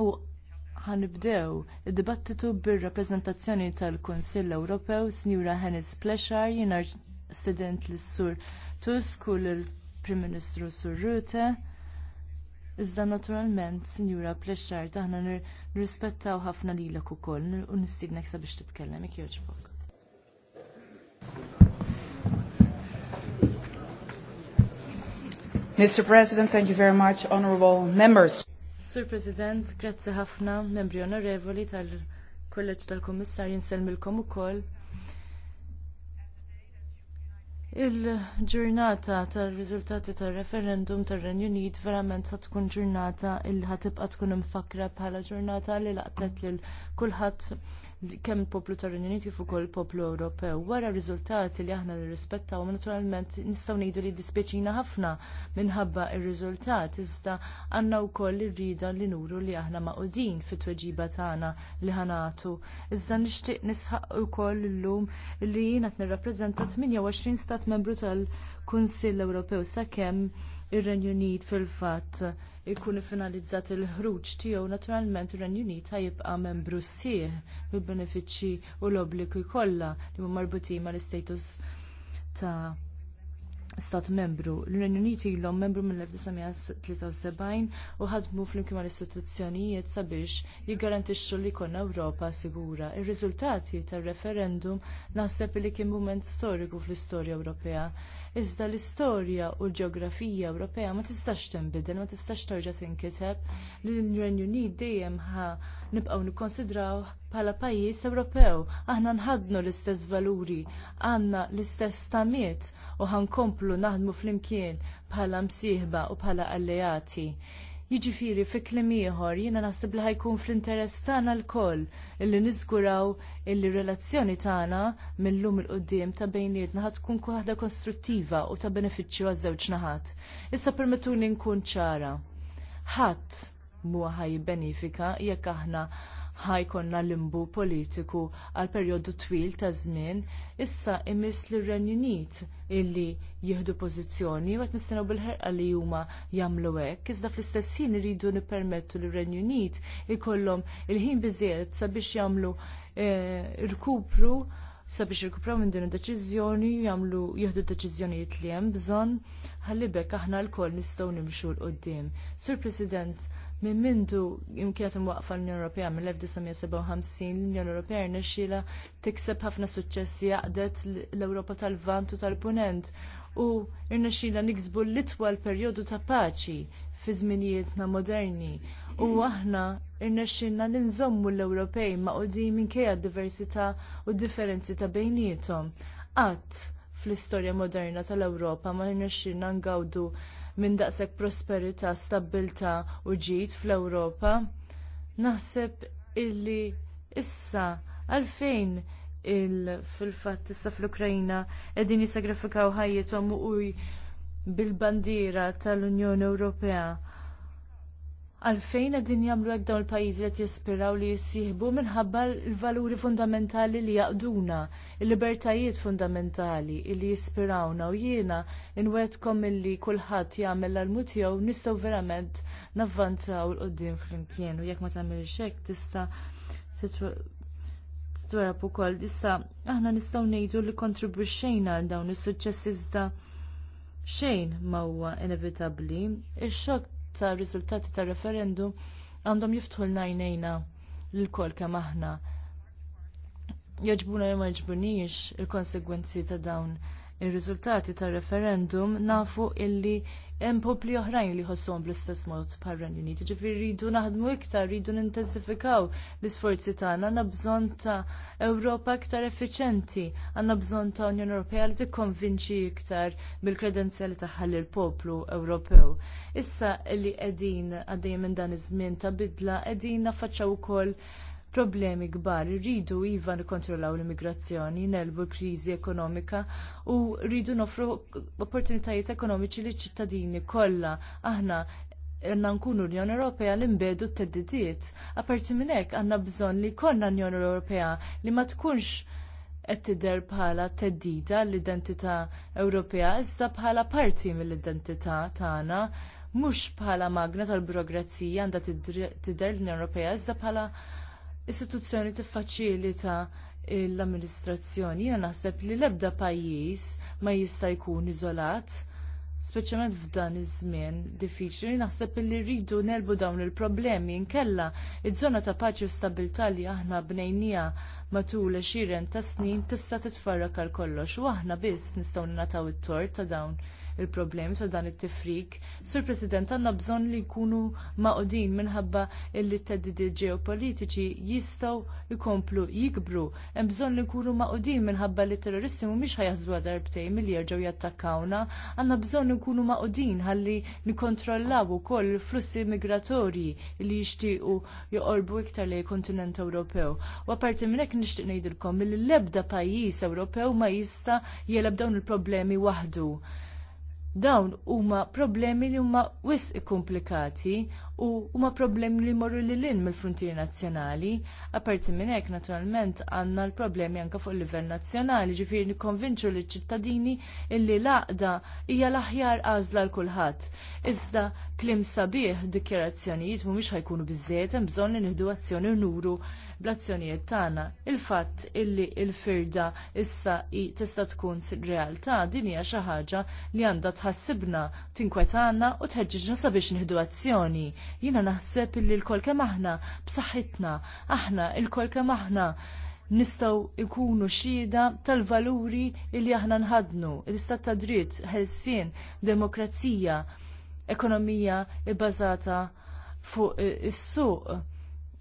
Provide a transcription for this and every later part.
U ħanibdew id-dibattitu bir-rappreżentazzjoni tal-Kunsill Ewropew, Sinjura Hennis Plexar, jiena student l-Sur Tusk u l-Prim Ministru Sur Rute. Iżda naturalment, Sinjura Plexar, taħna nirrispettaw ħafna lilek ukoll u nistiednek sabiex titkellem, jekk jogħġbok. Mr. President, thank you very much, honorable members. Sur President, grazzi ħafna, membri onorevoli tal-Kolleġġ tal-Kummissar jinselmilkom ukoll. Il-ġurnata tar-riżultati tar-referendum tar-Renju Unit verament ħad tkun ġurnata il ħatibqa' tkun imfakra bħala ġurnata li laqtet lil kulħadd kemm il-poplu tar-Renju kif ukoll il-poplu Ewropew. Wara r-riżultati li aħna nirrispettaw naturalment nistgħu ngħidu li dispjaċina ħafna minħabba r-riżultat iżda għandna wkoll irrieda li nuru li aħna maqudin fit-tweġiba tagħna li ħanatu. Iżda nixtieq nisħaq ukoll illum li jiena qed nirrappreżenta 28 stat membru tal-Kunsill Ewropew sakemm ir-Renju Unit fil-fatt ikun finalizzat il-ħruġ tiegħu naturalment ir-Renju Unit ħajibqa' membru sieħ bil-benefiċċji u l-obbligu kollha li huma marbutin mal-istatus ta' stat membru. L-Renju Unit ilhom membru mill-1973 u ħadmu flimkien mal-istituzzjonijiet sabiex jiggarantixxu li jkollna Ewropa sigura. Ir-riżultati tar-referendum naħseb li kien mument storiku fl-istorja Ewropea iżda l-istorja u l-ġeografija Ewropea ma tistax tinbidel, ma tistax terġa' tinkiteb li l-Renju Unit dejjem ħa nibqgħu nikkonsidraw bħala pajjiż Ewropew. Aħna nħadnu l-istess valuri, għandna l-istess tamiet u ħankomplu naħdmu flimkien bħala msieħba u bħala alleati. Jiġifieri fi kliem ieħor jiena naħseb li ħajkun fl-interess tagħna lkoll illi niżguraw illi relazzjoni tagħna millum il-qudiem ta' bejniet ħad tkun waħda kostruttiva u ta' benefiċċju għaż-żewġ naħat. Issa permettuni nkun ċara. Ħadd huwa ħaj benefika jekk aħna ħajkonna limbu politiku għal perjodu twil ta' żmien, issa imiss li renju Unit illi jieħdu pożizzjoni u qed nistennew bil-ħerqa li huma jagħmlu hekk, iżda fl-istess ħin iridu nippermettu li renju Unit ikollhom il-ħin biżjed sabiex jagħmlu eh, rkupru sabiex jirkupraw minn din id-deċiżjoni jagħmlu jieħdu d-deċiżjonijiet li hemm bżonn ħalli bekk aħna lkoll nistgħu nimxu l qudiem Sur President, minn mindu imkienet imwaqfa l-Unjoni Ewropea mill-1957 l-Unjoni Ewropea rnexxiela tikseb ħafna suċċessi jaqdet l-Ewropa tal-Vant u tal-Punent u rnexxiela niksbu l-itwal perjodu ta' paċi fi żminijietna moderni. U aħna irnexxinna ninżommu l-Ewropej ma' qudiem minkejja d-diversità u d-differenzi ta' bejniethom. Qatt fl-istorja moderna tal-Ewropa ma rnexxinna ngawdu minn daqshekk prosperità, stabbilta u ġid fl-Ewropa. Naħseb illi issa għalfejn fil-fatt issa fl ukrajina qegħdin jissagrifikaw ħajjithom u bil-bandiera tal-Unjoni Ewropea għalfejn qegħdin jagħmlu hekk dawn il-pajjiżi qed jispiraw li jissieħbu minħabba l-valuri fundamentali li jaqduna, il-libertajiet fundamentali li jispirawna u jiena inwetkom milli kulħadd jagħmel l-almu tiegħu nistgħu verament navvantaw l-qudiem flimkien u jekk ma tagħmilx hekk tista' titwerab ukoll. Issa aħna nistgħu ngħidu li kontribwixxejna għal dawn is-suċċess iżda xejn ma huwa inevitabbli. Ix-xokk ta' riżultati tar referendum għandhom jiftħu l-najnejna l-kol kemm aħna. Jaġbuna jew ma jġbunix il-konsegwenzi ta' dawn ir-riżultati tar referendum nafu illi hemm popli oħrajn li ħossom bl-istess mod bħal Renju Unit. Ġifieri rridu naħdmu iktar, rridu nintensifikaw l-isforzi tagħna, għandna bżonn ta' Ewropa iktar effiċenti, għandna bżonn ta' Unjoni Ewropea li tikkonvinċi iktar bil-kredenzjali tagħha lill poplu Ewropew. Issa li qegħdin għaddejjem minn dan iż-żmien ta' bidla qegħdin naffaċċaw ukoll problemi kbar. Rridu iva nikkontrollaw l-immigrazzjoni, nelbu l-kriżi ekonomika u rridu nofru opportunitajiet ekonomiċi li ċittadini kollha aħna għanna nkunu l-Unjoni Ewropea li nbedu t-teddidiet. Aparti minn hekk għandna bżonn li jkollna l-Unjoni Ewropea li ma tkunx qed tidher bħala theddida l-identità Ewropea iżda bħala parti mill-identità tagħna mhux bħala magna tal-burokrazija għandha tidher l-Unjoni Ewropea iżda bħala istituzzjoni tiffaċilita l-amministrazzjoni. Jiena naħseb li l-ebda pajjiż ma jista' jkun iżolat, speċjalment f'dan iż-żmien diffiċli, naħseb li rridu nelbu dawn il-problemi nkella iż-żona ta' paċi u stabilità li aħna bnejnija matul xiren ta' snin tista' titfarrak għal kollox u aħna biss nistgħu nataw it-tort ta' dawn il-problemi ta' dan it-tifrik. Sur President, għandna bżonn li jkunu maqudin minħabba illi t-teddidi ġeopolitiċi jistgħu jkomplu jikbru. Hemm bżonn li jkunu maqudin minħabba li terroristi mhumiex ħajażlu darbtej milli jerġgħu jattakkawna. Għandna bżonn nkunu maqudin ħalli nikkontrollaw ukoll flussi migratorji li jixtiequ joqorbu iktar lejn kontinent Ewropew. U apparti minn hekk nixtieq ngħidilkom li l-ebda pajjiż Ewropew ma jista' jeleb dawn il-problemi waħdu. Dawn huma problemi li huma wisq komplikati u huma problemi li jmorru lil lin mill-frontieri nazzjonali. Apparti minn hekk naturalment għandna l-problemi anke fuq il-livell nazzjonali, ġifieri nikkonvinċu liċ ċittadini illi l-għaqda hija l-aħjar għażla l kulħadd. Iżda kliem sabiħ dikjarazzjonijiet mhumiex ħajkunu biżżejjed hemm bżonn li nieħdu azzjoni nuru blazzjonijiet tagħna. Il-fatt illi l-firda issa tista' tkun realtà din hija xi ħaġa li għandha tħassibna, tinkwetana u tħeġġiġna sabiex nieħdu azzjoni. Jiena naħseb illi l-kol kemm aħna b'saħħitna, aħna l-kol kemm aħna nistgħu jkunu xhieda tal-valuri li aħna nħadnu, l-istat ta' dritt, ħelsien, demokrazija, ekonomija bbażata fuq is-suq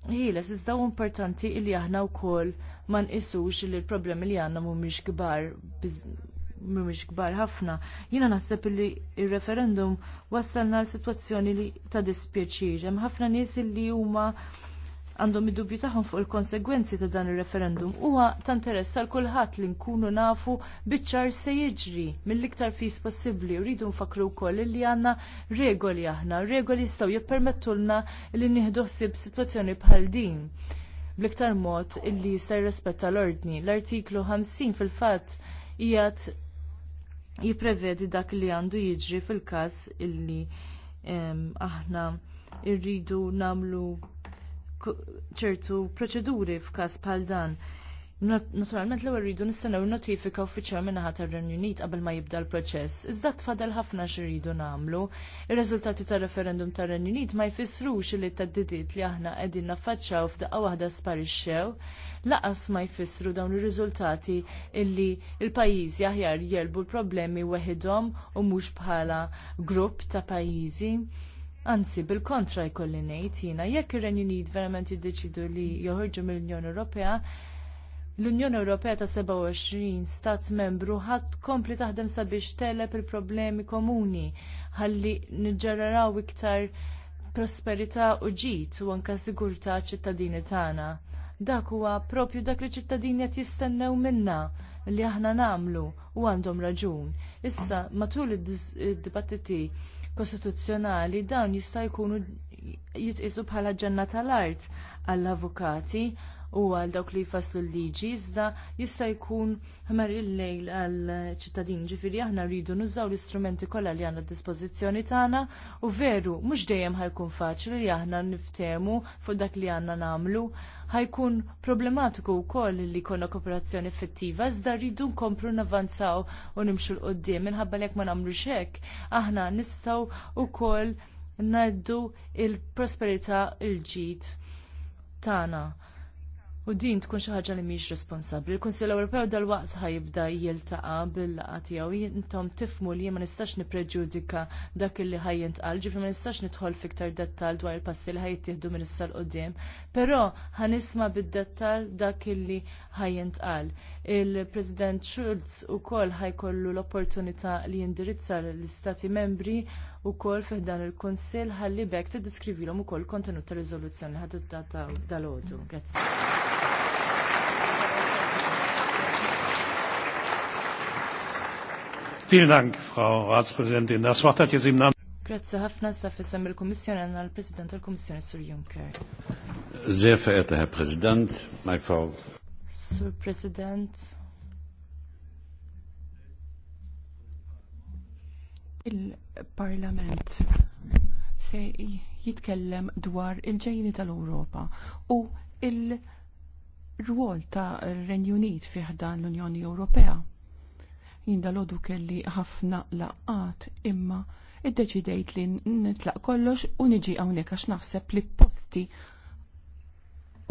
ħiles iżda importanti illi aħna wkoll ma nqisux li l-problemi li għandna mhumiex kbar mhumiex kbar ħafna. Jiena naħseb li r-referendum wassalna l li ta' dispjaċir. Hemm ħafna nies li huma għandhom id-dubju tagħhom fuq il-konsegwenzi ta' dan ir-referendum huwa ta' interess għal kulħadd li nkunu nafu biċ-ċar se jiġri mill-iktar fis possibbli rridu nfakru wkoll li għandna regoli aħna, regoli jistgħu jippermettulna li nieħdu ħsieb sitwazzjoni bħal din bl-iktar mod illi jista' jirrispetta l-ordni. L-artiklu 50 fil-fatt qiegħed jipprevedi dak li għandu jiġri fil każ illi aħna rridu nagħmlu ċertu proċeduri f'każ bħal dan. Naturalment l-ewwel rridu nistennew notifika uffiċjal minn naħa tar-Renju Unit qabel ma jibda l-proċess. Iżda tfadal ħafna x'iridu nagħmlu. Ir-riżultati tar-referendum tar-Renju Unit ma jfissrux li t-taddidiet li aħna qegħdin naffaċċaw f'daqqa waħda sparixxew laqas ma jfissru dawn ir-riżultati illi l pajjiżi aħjar jelbu l-problemi weħidhom u mhux bħala grupp ta' pajjiżi. Anzi, bil-kontra jkolli ngħid jiena jekk ir-Renju Unit verament jiddeċidu li joħorġu mill-Unjoni Ewropea, l-Unjoni Ewropea ta' 27 stat membru ħadd kompli taħdem sabiex telep il-problemi komuni ħalli niġġeraraw iktar prosperità u ġid u anke sigurtà ċittadini tagħna. Dak huwa propju dak li ċittadini qed jistennew minnha li aħna nagħmlu u għandhom raġun. Issa matul id-dibattiti kostituzzjonali dawn jista' jkunu jitqisu bħala ġenna tal-art għall-avukati u għal dawk li jfasslu l-liġi iżda jista' jkun ħmar il-lejl għal ċittadin ġifiri aħna rridu nużaw l-istrumenti kollha li għandna d-dispożizzjoni tagħna u veru mhux dejjem ħajkun faċli li aħna niftehmu fuq dak li għandna nagħmlu ħajkun problematiku wkoll li jkollna kooperazzjoni effettiva iżda rridu nkomplu navanzaw u nimxu l-qoddim minħabba jekk ma nagħmlux hekk aħna nistgħu wkoll ngħaddu l prosperità il-ġid tagħna. U din tkun xi ħaġa li mhix responsabbli. Il-Kunsill Ewropew dal-waqt ħajibda jiltaqa' bil-laqgħa tiegħu intom tifmu li ma nistax nippreġudika dak li ħajjintqal, ġifi ma nistax nidħol fiktar dettal dwar il-passi li ħajjittieħdu minn issa l-qudiem, però ħanisma' bid-dettal dak li ħajjintqal. Il-President Schulz ukoll ħajkollu l-opportunità li jindirizza l-Istati membri ukoll fih dan il-Kunsill ħalli bekk tiddiskrivilhom ukoll kontenut ta' riżoluzzjoni ħadd iddata dal-għodu. Vielen Dank, Frau Ratspräsidentin. Das Wort hat jetzt im Namen. Grazie ħafna sa il-Kommissjoni l-President tal-Kommissjoni Sir Juncker. Sehr verehrter Herr Präsident, meine Frau. Sur Präsident, Il-Parlament se jitkellem dwar il-ġejni tal-Ewropa u il-rwol ta' Renju Unit fih dan l-Unjoni Ewropea. Jinda lodu kelli ħafna laqat imma iddeċidejt li nitlaq kollox u niġi hawnhekk għax naħseb li posti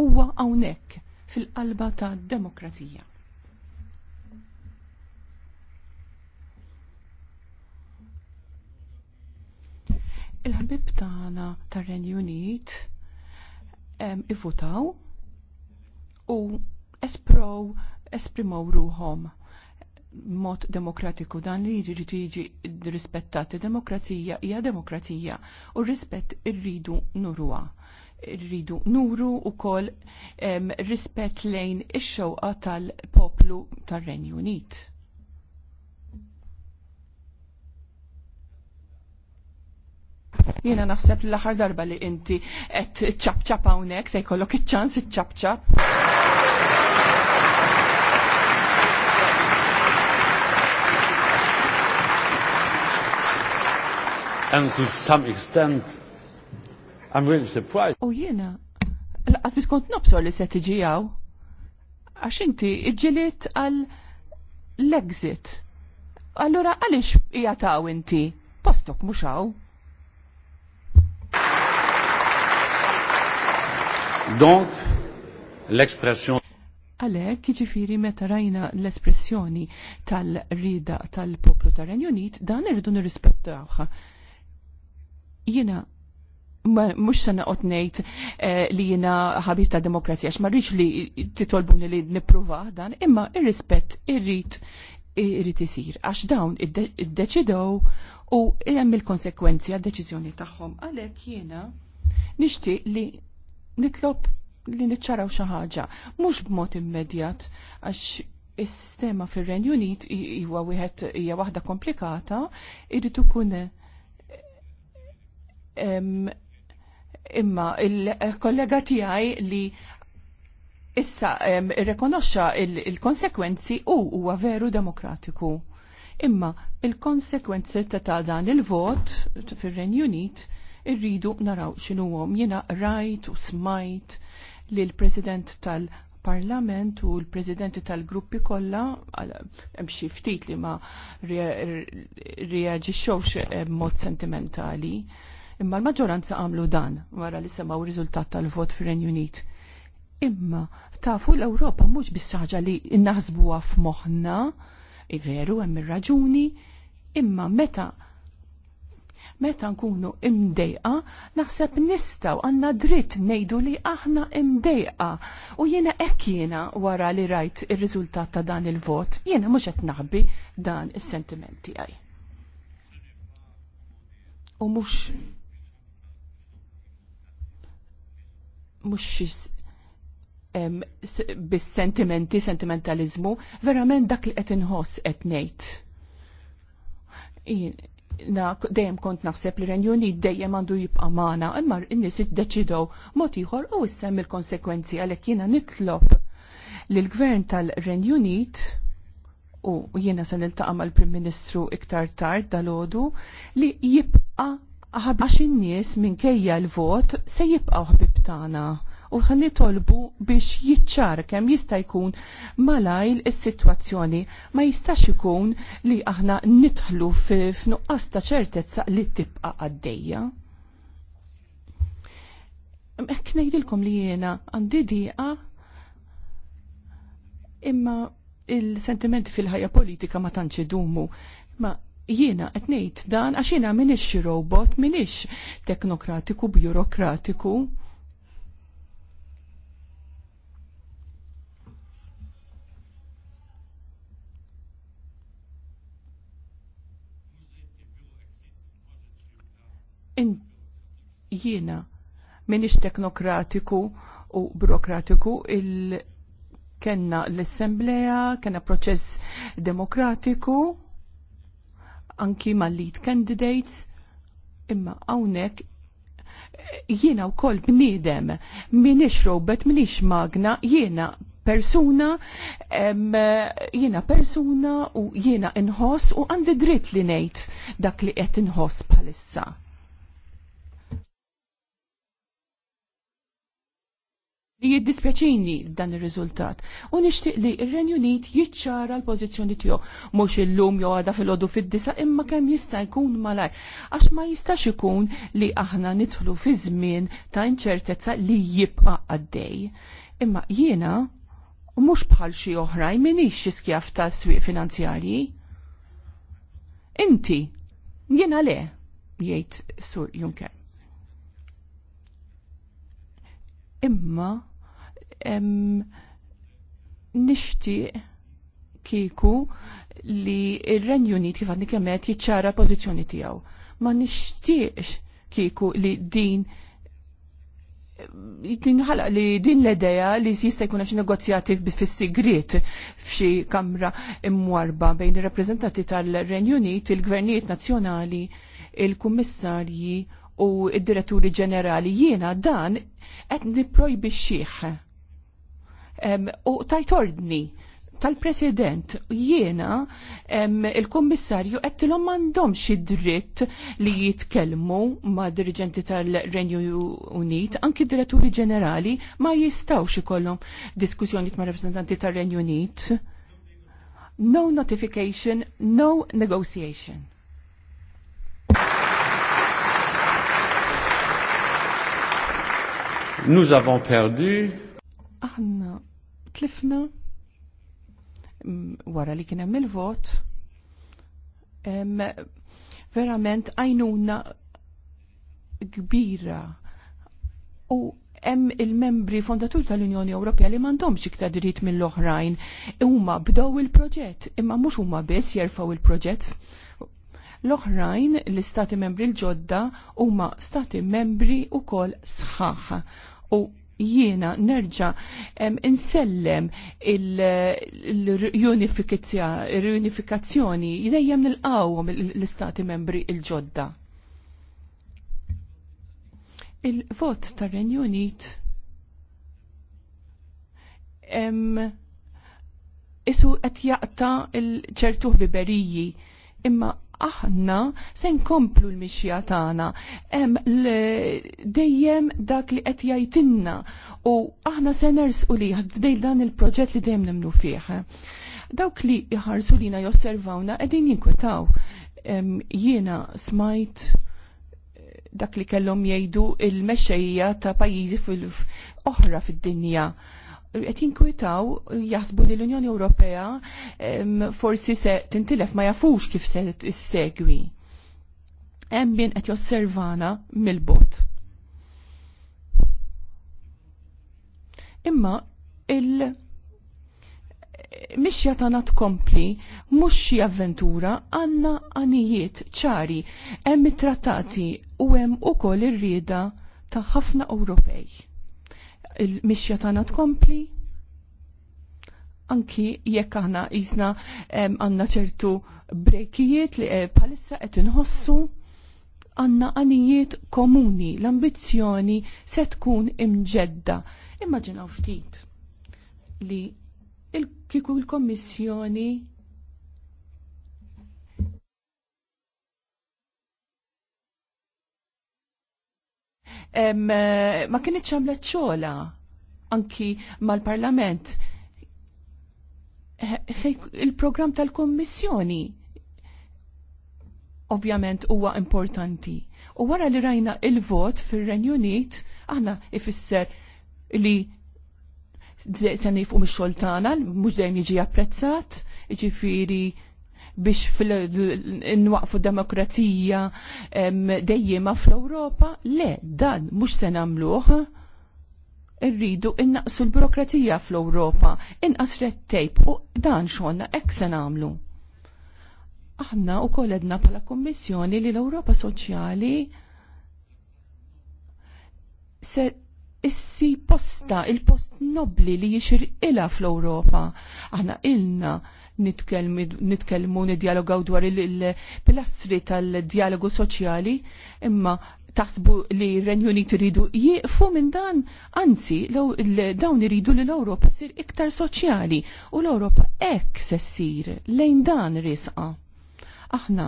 huwa hawnhekk fil-qalba tad demokrazija. Il-ħbib tagħna tar-Renju Unit ivvutaw u esprow esprimaw ruhom mod demokratiku dan li jiġi tiġi rispettat demokrazija hija demokrazija u rispett irridu nurwa. Irridu nuru wkoll rispett lejn ix-xewqa tal-poplu tar-Renju Unit. Jiena naħseb l-aħħar darba li inti qed ċapċap hawnhekk se jkollok iċ-ċans iċċabċab. And to some extent, I'm really surprised. U jiena, laqas biskont nobsor li se tiġijaw, għax inti iġġiliet għal l-exit. Allura għaliex jgħataw inti? Postok mhux hawn. Donc, l-espressjoni. Għalek, ġifiri meta rajna l-espressjoni tal-rida tal-poplu tar Unit, dan irridu nirrispettawha. Jiena mux se otnejt ngħid eh, li jina ħabib ta' demokrazija, xma rriċ li titolbuni li nipruva dan, imma ir-rispett irrit irrit isir, għax dawn id-deċidow u hemm il-konsekwenzja għad deċizjoni tagħhom. Għalek jena nixtieq li nitlob li niċċaraw xi ħaġa, mhux b'mod immedjat għax is-sistema fir-Renju Unit huwa wieħed hija waħda komplikata, irid ikun imma il-kollega tiegħi li issa irrekonoxxa il-konsekwenzi u huwa veru demokratiku. Imma il-konsekwenzi ta' dan il-vot fir-Renju Unit irridu naraw għom Jiena rajt u smajt li l-President tal- parlament u l president tal-gruppi kollha hemm xi ftit li ma reaġixxewx eh, mod sentimentali. Imma l-maġġoranza għamlu dan wara li semgħu riżultat tal-vot fir-Renju Unit. Imma tafu l-Ewropa mhux bis ħaġa li naħsbuha f'moħħna, veru hemm ir-raġuni, imma meta Meta nkunu imdejqa, naħseb nistaw għanna dritt nejdu li aħna imdejqa. U jiena ek jiena wara li rajt il-riżultat ta' dan il-vot, jiena mhux qed naħbi dan is-sentimenti għaj. U mhux mhux bis-sentimenti, sentimentalizmu, verament dak li qed inħoss qed ngħid na dejjem kont naħseb li Renjuni dejjem għandu jibqa' magħna, imma n-nies iddeċidew mod ieħor u issem il-konsekwenzi għalhekk jiena nitlob lill gvern tal-Renjunit u jiena se niltaqa' mal-Prim Ministru iktar tard dalodu li jibqa' għax in-nies minkejja l-vot se jibqgħu ħbib tagħna u nitolbu biex jiċċar kemm jista' jkun malajl is-sitwazzjoni. Ma jistax ikun li aħna nidħlu f'nuqqas ta' ċertezza li tibqa' għaddejja. Hekk ngħidilkom li jiena għandi dieqa imma il-sentimenti fil-ħajja politika ma tantx idumu. Ma jiena qed ngħid dan għax jiena m'iniex xi robot, minix teknokratiku, bjurokratiku. In jiena minix teknokratiku u burokratiku il kenna l-assembleja, kenna proċess demokratiku, anki mal-lead candidates, imma għawnek jiena u kol bnidem, minix robet, minix magna, jiena persuna, jiena persuna u jiena inħoss u għandi dritt li nejt dak li qed inħoss palissa. jiddispjaċini dan ir-riżultat. U nixtieq li il renju Unit jiċċara l-pożizzjoni tiegħu mhux illum jew għada fil ħodu fid-disa imma kemm jista' jkun malaj. Għax ma jistax ikun li aħna nidħlu fi żmien ta' inċertezza li jibqa' għaddej. Imma jiena mhux bħal xi oħrajn minix xi skjaf ta' swieq finanzjarji. Inti, jiena le, jgħid Sur Juncker. Imma nixtieq kieku li il-Renju Unit kif għandni kemmet jiċċara pożizzjoni tiegħu. Ma nixtieqx kieku li din jitlinħalaq li din l-edeja li jista' jkun xi negozjati fis-sigriet f'xi kamra imwarba bejn ir-rappreżentanti tal-Renju Unit, il-gvernijiet nazzjonali, il-kummissarji u id-diretturi ġenerali jiena dan qed nipprojbixxih u tajt ordni tal-president jiena il-kommissarju m'għandhom mandom dritt li jitkelmu ma' dirigenti tal-Renju Unit, anki diretturi ġenerali ma' jistawx ikollhom diskussjoni ma' rappresentanti tal-Renju Unit. No notification, no negotiation. Nous avons perdu. Ah, no tlifna mm, wara li kien hemm il-vot verament għajnuna kbira u hemm il-membri fondatur tal-Unjoni Ewropea li m'għandhomx iktar dritt mill-oħrajn huma bdew il-proġett imma mhux huma biss jerfgħu il-proġett. L-oħrajn l-istati membri l-ġodda huma stati membri wkoll sħaħ u jiena nerġa insellem il-unifikazzjoni dejjem nilqawhom l-istati membri il-ġodda. Il-vot tar-Renju Unit isu qed jaqta' ċertu biberiji imma aħna se nkomplu l-mixja tagħna hemm dejjem dak li qed jgħidilna u aħna se nersqu li fdejl dan il-proġett li dejjem nemnu fih. Dawk li jħarsu lina josservawna qegħdin jinkwetaw. Jiena smajt eh, dak li kellhom jgħidu il-mexxejja ta' pajjiżi fil-oħra fid-dinja qed jinkwitaw jasbu li l-Unjoni Ewropea forsi se tintilef ma jafux kif se tissegwi. Hemm min qed josservana mill-bot. Imma il- mixja jatana tkompli, mhux xi avventura, għanna għanijiet ċari, hemm it-trattati u hemm ukoll ir-rieda ta' ħafna Ewropej il-mixja tagħna tkompli anki jekk aħna jisna għanna ċertu brekijiet li eh, palissa qed inħossu għanna għanijiet komuni, l-ambizjoni se tkun imġedda. Immaġinaw ftit li il-kiku l-Kommissjoni Eh, ma kienieċ għamlet ċola anki mal-Parlament. Eh, eh, il-programm tal-Kommissjoni ovvjament huwa importanti. U wara li rajna il-vot fir-Renju Unit, aħna ifisser li se nifqu mix-xogħol tagħna, mhux dejjem jiġi apprezzat, jiġifieri biex nwaqfu demokrazija dejjima fl-Ewropa. Le, dan mhux se namluħ. Irridu innaqsu l-burokrazija fl-Ewropa, inqas red tape u dan xonna hekk se nagħmlu. Aħna u kolledna bħala Kummissjoni li l-Ewropa Soċjali se issi posta, il-post nobli li jixir ila fl-Europa. Aħna ilna nitkellmu nidjalogaw dwar il-pilastri tal-dialogu soċjali, imma taħsbu li r-Renju Unit iridu jieqfu minn dan, anzi, dawn iridu li l-Ewropa sir iktar soċjali u l-Ewropa ek se ssir lejn dan risqa. Aħna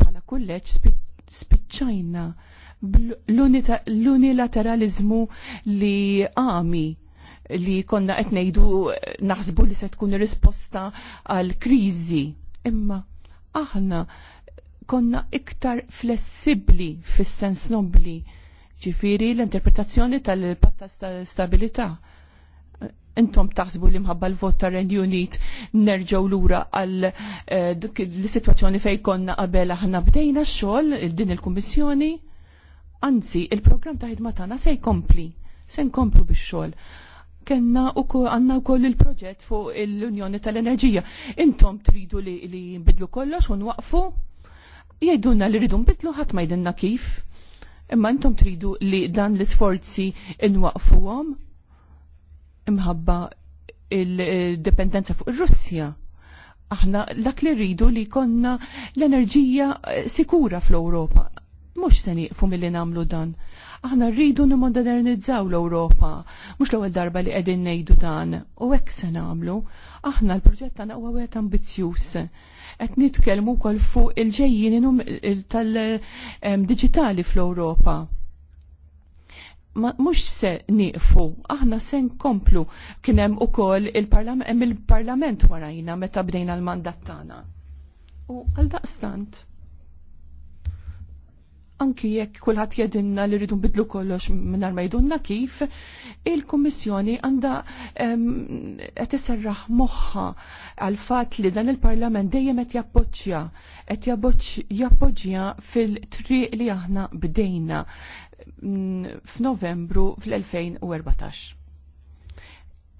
bħala kulleġġ spiċċajna l-unilateralizmu li għami li konna qed ngħidu naħsbu li se tkun risposta għal kriżi. Imma aħna konna iktar flessibli fis-sens nobli ġifiri l-interpretazzjoni tal-patta stabilità. Intom taħsbu li mħabba l-vot tar renju Unit nerġaw lura għal eh, l-situazzjoni fej konna qabel aħna bdejna x-xogħol din il-kummissjoni. Anzi, il-programm ta' ħidma tagħna se jkompli, se nkomplu bix-xogħol kena u għanna u koll il-proġett fuq l-Unjoni tal-Enerġija. Intom tridu li, li bidlu kollox u nwaqfu? Jajdunna li rridu bidlu ħadd ma jdinna kif. Imma intom tridu li dan l-isforzi nwaqfuhom imħabba il-dependenza fuq ir-Russja. Aħna dak li rridu li konna l-enerġija eh, sikura fl-Ewropa mux se nieqfu mill-li namlu dan. Aħna rridu n-modernizzaw l-Ewropa, mux l-ewwel darba li qegħdin ngħidu dan, u hekk se nagħmlu. Aħna l-proġett tagħna u wieħed ambizzjuż. Qed nitkellmu wkoll fuq il ġejjini tal digitali fl-Ewropa. Mux se nieqfu, aħna se nkomplu kien hemm ukoll il-parlament il warajna meta bdejna l-mandat tagħna. U għal daqstant anki jekk kulħadd jedinna li rridu nbidlu kollox mingħajr ma jdunna kif, il-Kummissjoni għandha qed iserraħ moħħa għal fatt li dan il-Parlament dejjem qed jappoġġja qed jappoġġja fil-triq li aħna bdejna mm, f'Novembru fl-2014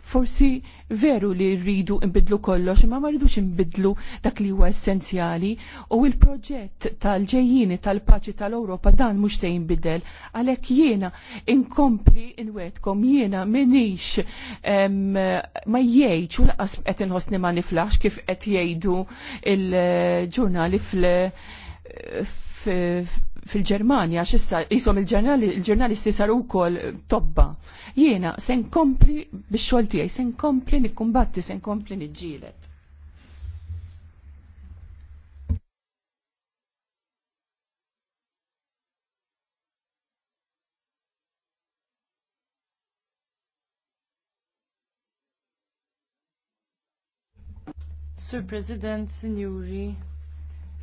forsi veru li rridu nbidlu kollox, imma ma rridux nbidlu dak li huwa essenzjali u il-proġett tal-ġejjini tal-paċi tal-Ewropa dan mhux se jinbidel għalhekk jiena inkompli inwetkom jiena minix ma jgħidx u laqas qed inħossni ma niflax kif qed jgħidu il-ġurnali fl fil-Germania xissa jisom il-ġurnalisti saru kol tobba. Jiena sen kompli bix xolti għaj, sen kompli nikkumbatti, sen kompli nġilet. Sir President, Signori,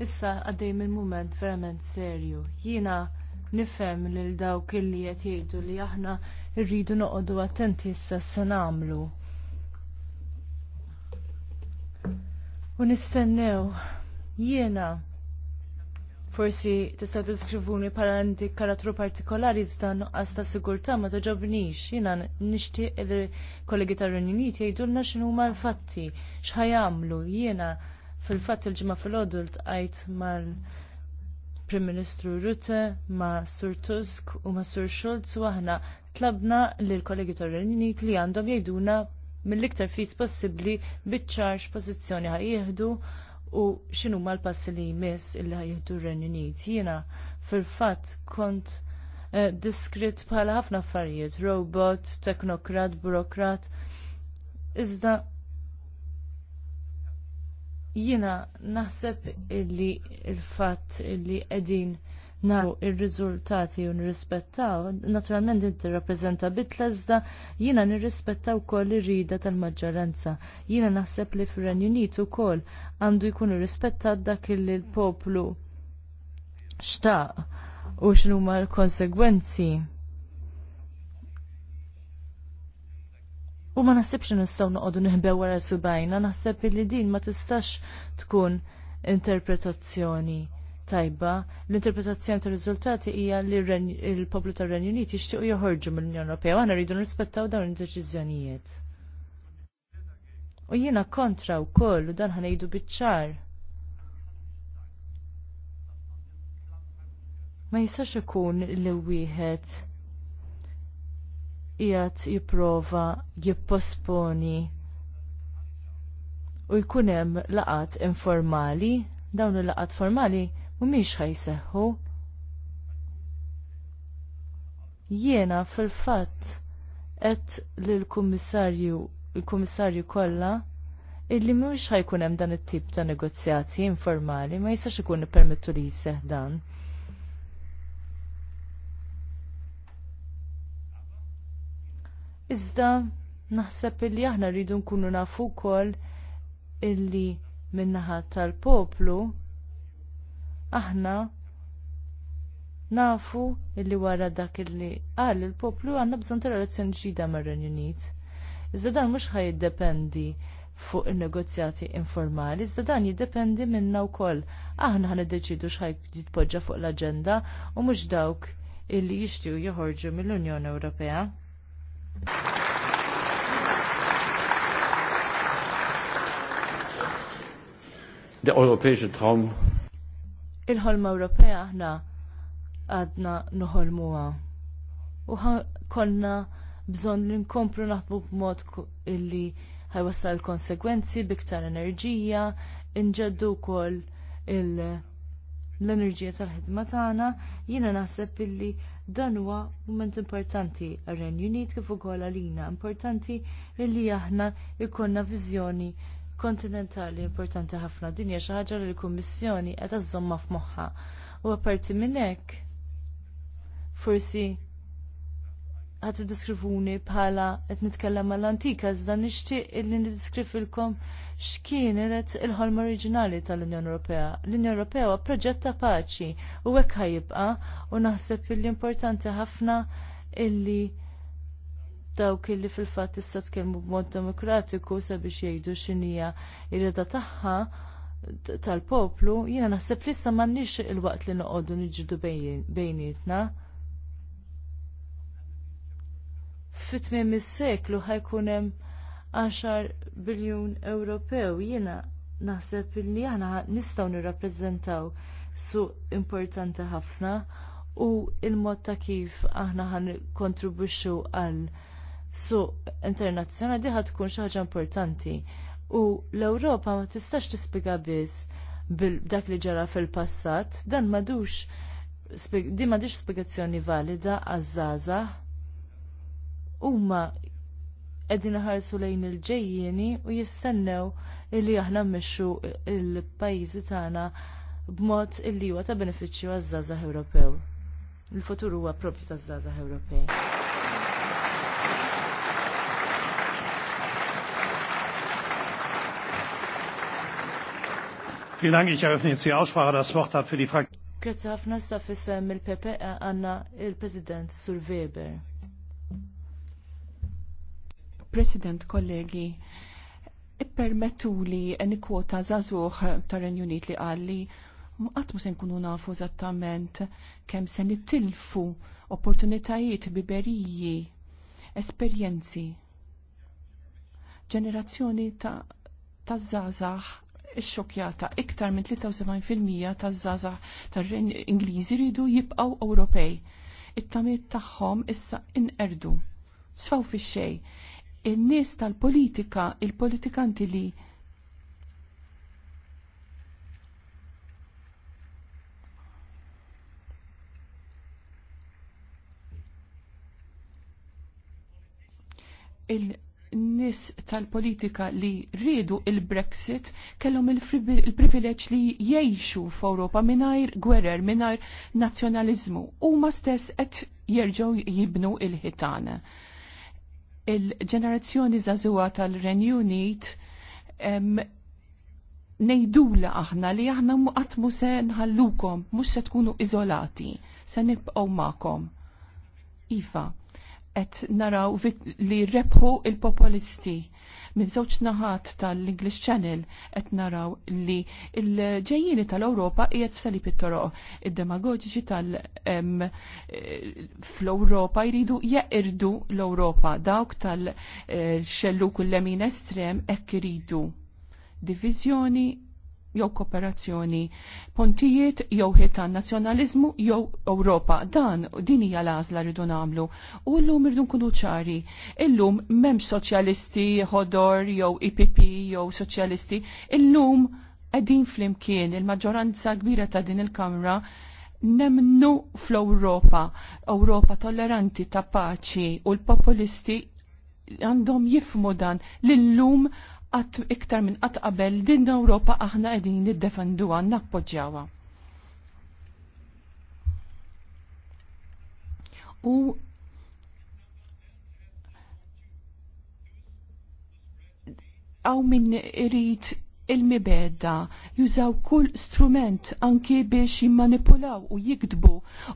Issa għaddej minn mument verament serju. Jiena nifhem lil dawk illi qed jgħidu li aħna rridu noqogħdu attenti issa se nagħmlu. U nistennew jiena forsi tista' tiskrivuni bħala għandi karattru partikolari iżda nuqqas ta' sigurtà ma toġobnix. Jiena nixtieq il-kollegi tar-Renju jgħidulna x'inhuma l-fatti, x'ħajamlu jiena Fil-fatt il-ġimgħa fil-għodu l-tqajt mal-Prim Ministru Rutte, ma' Sur Tusk u ma' Sur Schulz u aħna tlabna lill kollegi torrenini li għandhom jgħiduna mill-iktar fis possibbli biċ-ċarx pożizzjoni ħajjieħdu u x'inhuma l passi li jmiss illi ħajjieħdu r-Renju Unit. Jiena fil-fatt kont eh, diskrit bħala ħafna affarijiet, robot, teknokrat, burokrat. Iżda Jiena naħseb illi il-fatt illi qegħdin naru il-riżultati u nirrispettaw, naturalment inti rappresenta bitla jina jiena nirrispetta wkoll ir-rida tal-maġġoranza. Jiena naħseb li fir Unitu kol għandu jkun irrispettat dak li l-poplu xtaq u xnuma l-konsegwenzi U ma naħsibx nistgħu noqogħdu nihbew wara subajna, naħseb li din ma tistax tkun interpretazzjoni tajba. L-interpretazzjoni tar riżultati hija li l-poplu tar renju Unit jixtiequ joħorġu mill-Unjoni Ewropea u aħna rridu nrispettaw dawn id-deċiżjonijiet. U jiena kontra wkoll u dan ħanejdu biċ-ċar. Ma jistax ikun li wieħed qiegħed jipprova jipposponi u jkun hemm laqat informali dawn il-laqat formali mhumiex ħajseħħu. Jiena fil-fatt qed lill-kummissarju il-kummissarju kollha illi mhux ħajkun hemm dan it-tip ta' negozjati informali ma jistax ikun ippermettu li jseħħ dan. Iżda naħseb illi aħna rridu nkunu nafu wkoll illi min-naħa tal-poplu aħna nafu illi wara dak illi qal il-poplu għandna bżonn ta' relazzjoni ġdida mar-Renju Unit. Iżda dan mhux ħajiddependi fuq in-negozjati informali, iżda dan jiddependi minna wkoll. Aħna ħan iddeċidu xħaj jitpoġġa fuq l-aġenda u mhux dawk illi jixtiju joħorġu mill-Unjoni Ewropea. Der europäische Traum. Il-ħolma Ewropea aħna għadna noħolmuha. U konna bżonn li nkomplu naħdmu b'mod illi ħajwassal konsegwenzi biktar enerġija, inġeddu wkoll il- l-enerġija tal-ħidma tagħna, jiena naħseb illi dan huwa mument importanti għar-Renju Unit kif ukoll għalina importanti illi aħna jkollna viżjoni kontinentali importanti ħafna din hija xi ħaġa li l-Kummissjoni qed żomma f'moħħha. U apparti minn hekk forsi ħat diskrivuni bħala qed nitkellem mal-antika iżda nixtieq illi niddiskrifilkom x'kienet il-ħolm oriġinali tal-Unjoni Ewropea. L-Unjoni Ewropea huwa proġett ta' paċi u hekk ħajibqa' u naħseb il importanti ħafna illi dawk illi fil-fatt issa tkellmu b'mod demokratiku sabiex jgħidu x'inhija r-reda tagħha tal-poplu, jiena naħseb li issa m'għandniex il-waqt li noqogħdu niġġieldu bejnietna. fit-tmiem is-seklu ħajkun hemm 10 biljun Ewropew jiena naħseb li aħna nistgħu nirrappreżentaw suq importanti ħafna u l mod ta' kif aħna ħan kontribuxxu għal suq internazzjonali di tkun xi ħaġa importanti. U l-Ewropa ma tistax tispjega biss bil-dak li ġara fil-passat, dan madux, din madux spiegazzjoni valida għaż-żgħażagħ huma qegħdin ħarsu lejn il-ġejjieni u jistennew illi aħna mmexxu il-pajjiżi tagħna b'mod illi huwa ta' benefiċċju għaż-żgħażagħ Ewropew. Il-futur huwa proprju taż-żgħażagħ Ewropej. Vielen Dank, ich eröffne jetzt die Aussprache. Das Wort hat für die Fraktion. Grazie ħafna sa fissem il-PPE għanna il-President Sur Weber. President, kollegi, ippermettu li nikwota zazuħ tar-Renju Unit li għalli qatt ma se nkunu nafu eżattament kemm se nittilfu opportunitajiet biberiji, esperjenzi. Ġenerazzjoni ta' taż-żazax xokjata iktar minn 73% taż-żazax tar-Ingliżi ridu jibqgħu Ewropej. It-tamiet tagħhom issa inqerdu. Sfaw fix-xejn in-nies tal-politika, il-politikanti li il-nis tal-politika li rridu il-Brexit kellhom il-privileġġ li jgħixu f'Ewropa mingħajr gwerer, mingħajr nazzjonaliżmu. Huma stess qed jerġgħu jibnu il-ħitana. il ħitan il ħitana il-ġenerazzjoni zazuwa tal-Renew Unit nejdula aħna li aħna muqatmu se nħallukom, mux se tkunu izolati, se nibqaw ma'kom. Iva, et naraw li rebħu il-popolisti Minn żewġ naħat tal-English Channel qed naraw li l-ġejjini tal-Ewropa qiegħed f'salib it-toroq. Id-demagoġiċi tal- fl-Ewropa jridu jeqirdu l-Ewropa dawk tal eh, xellu kull lemin estrem hekk iridu. Diviżjoni jew kooperazzjoni, pontijiet jew ħitan nazzjonaliżmu jew Ewropa. Dan din hija l-għażla rridu nagħmlu. U llum irridu nkunu ċari. Illum m'hemmx soċjalisti ħodor jew IPP jew soċjalisti. Illum qegħdin flimkien il-maġġoranza kbira ta' din il-Kamra nemnu fl-Ewropa, Ewropa tolleranti ta' paċi u l-populisti għandhom jifmu dan l-lum qatt iktar minn qatt qabel din Ewropa aħna qegħdin niddefenduha nappoġġjawha. U għaw minn irrit il-mibedda jużaw kull strument anki biex jimmanipulaw u jikdbu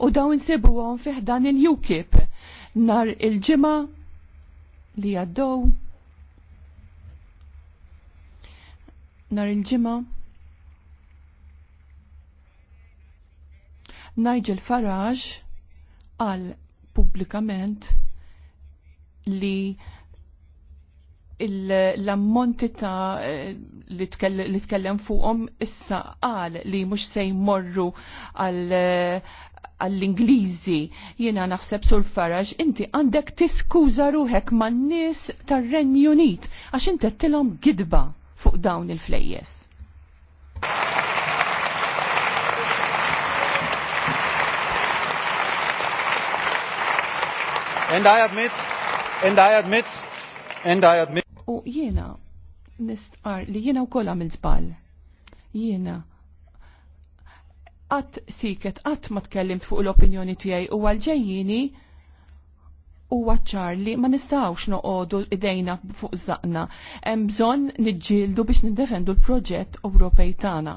u daw nsebu għon fiħdan il-UKIP nar il-ġima li għaddow nhar il-ġimgħa Nigel Farage qal pubblikament li l-ammonti ta' li tkellem fuqhom issa qal li mhux se jmorru għall-Ingliżi. Jiena naħseb sur Farage inti għandek tiskuża ruħek man-nies tar-Renju Unit għax inti tilhom gidba fuq dawn il-flejjes. And I admit, and I admit, and I admit. U jiena nistqar li jiena wkoll għamil żball. Jiena għat siket qatt ma tkellimt fuq l-opinjoni tiegħi u għall-ġejjini huwa ċar li ma nistgħux noqogħdu idejna fuq żaqna. Hemm bżonn niġġieldu biex nindefendu l-proġett Ewropej tagħna.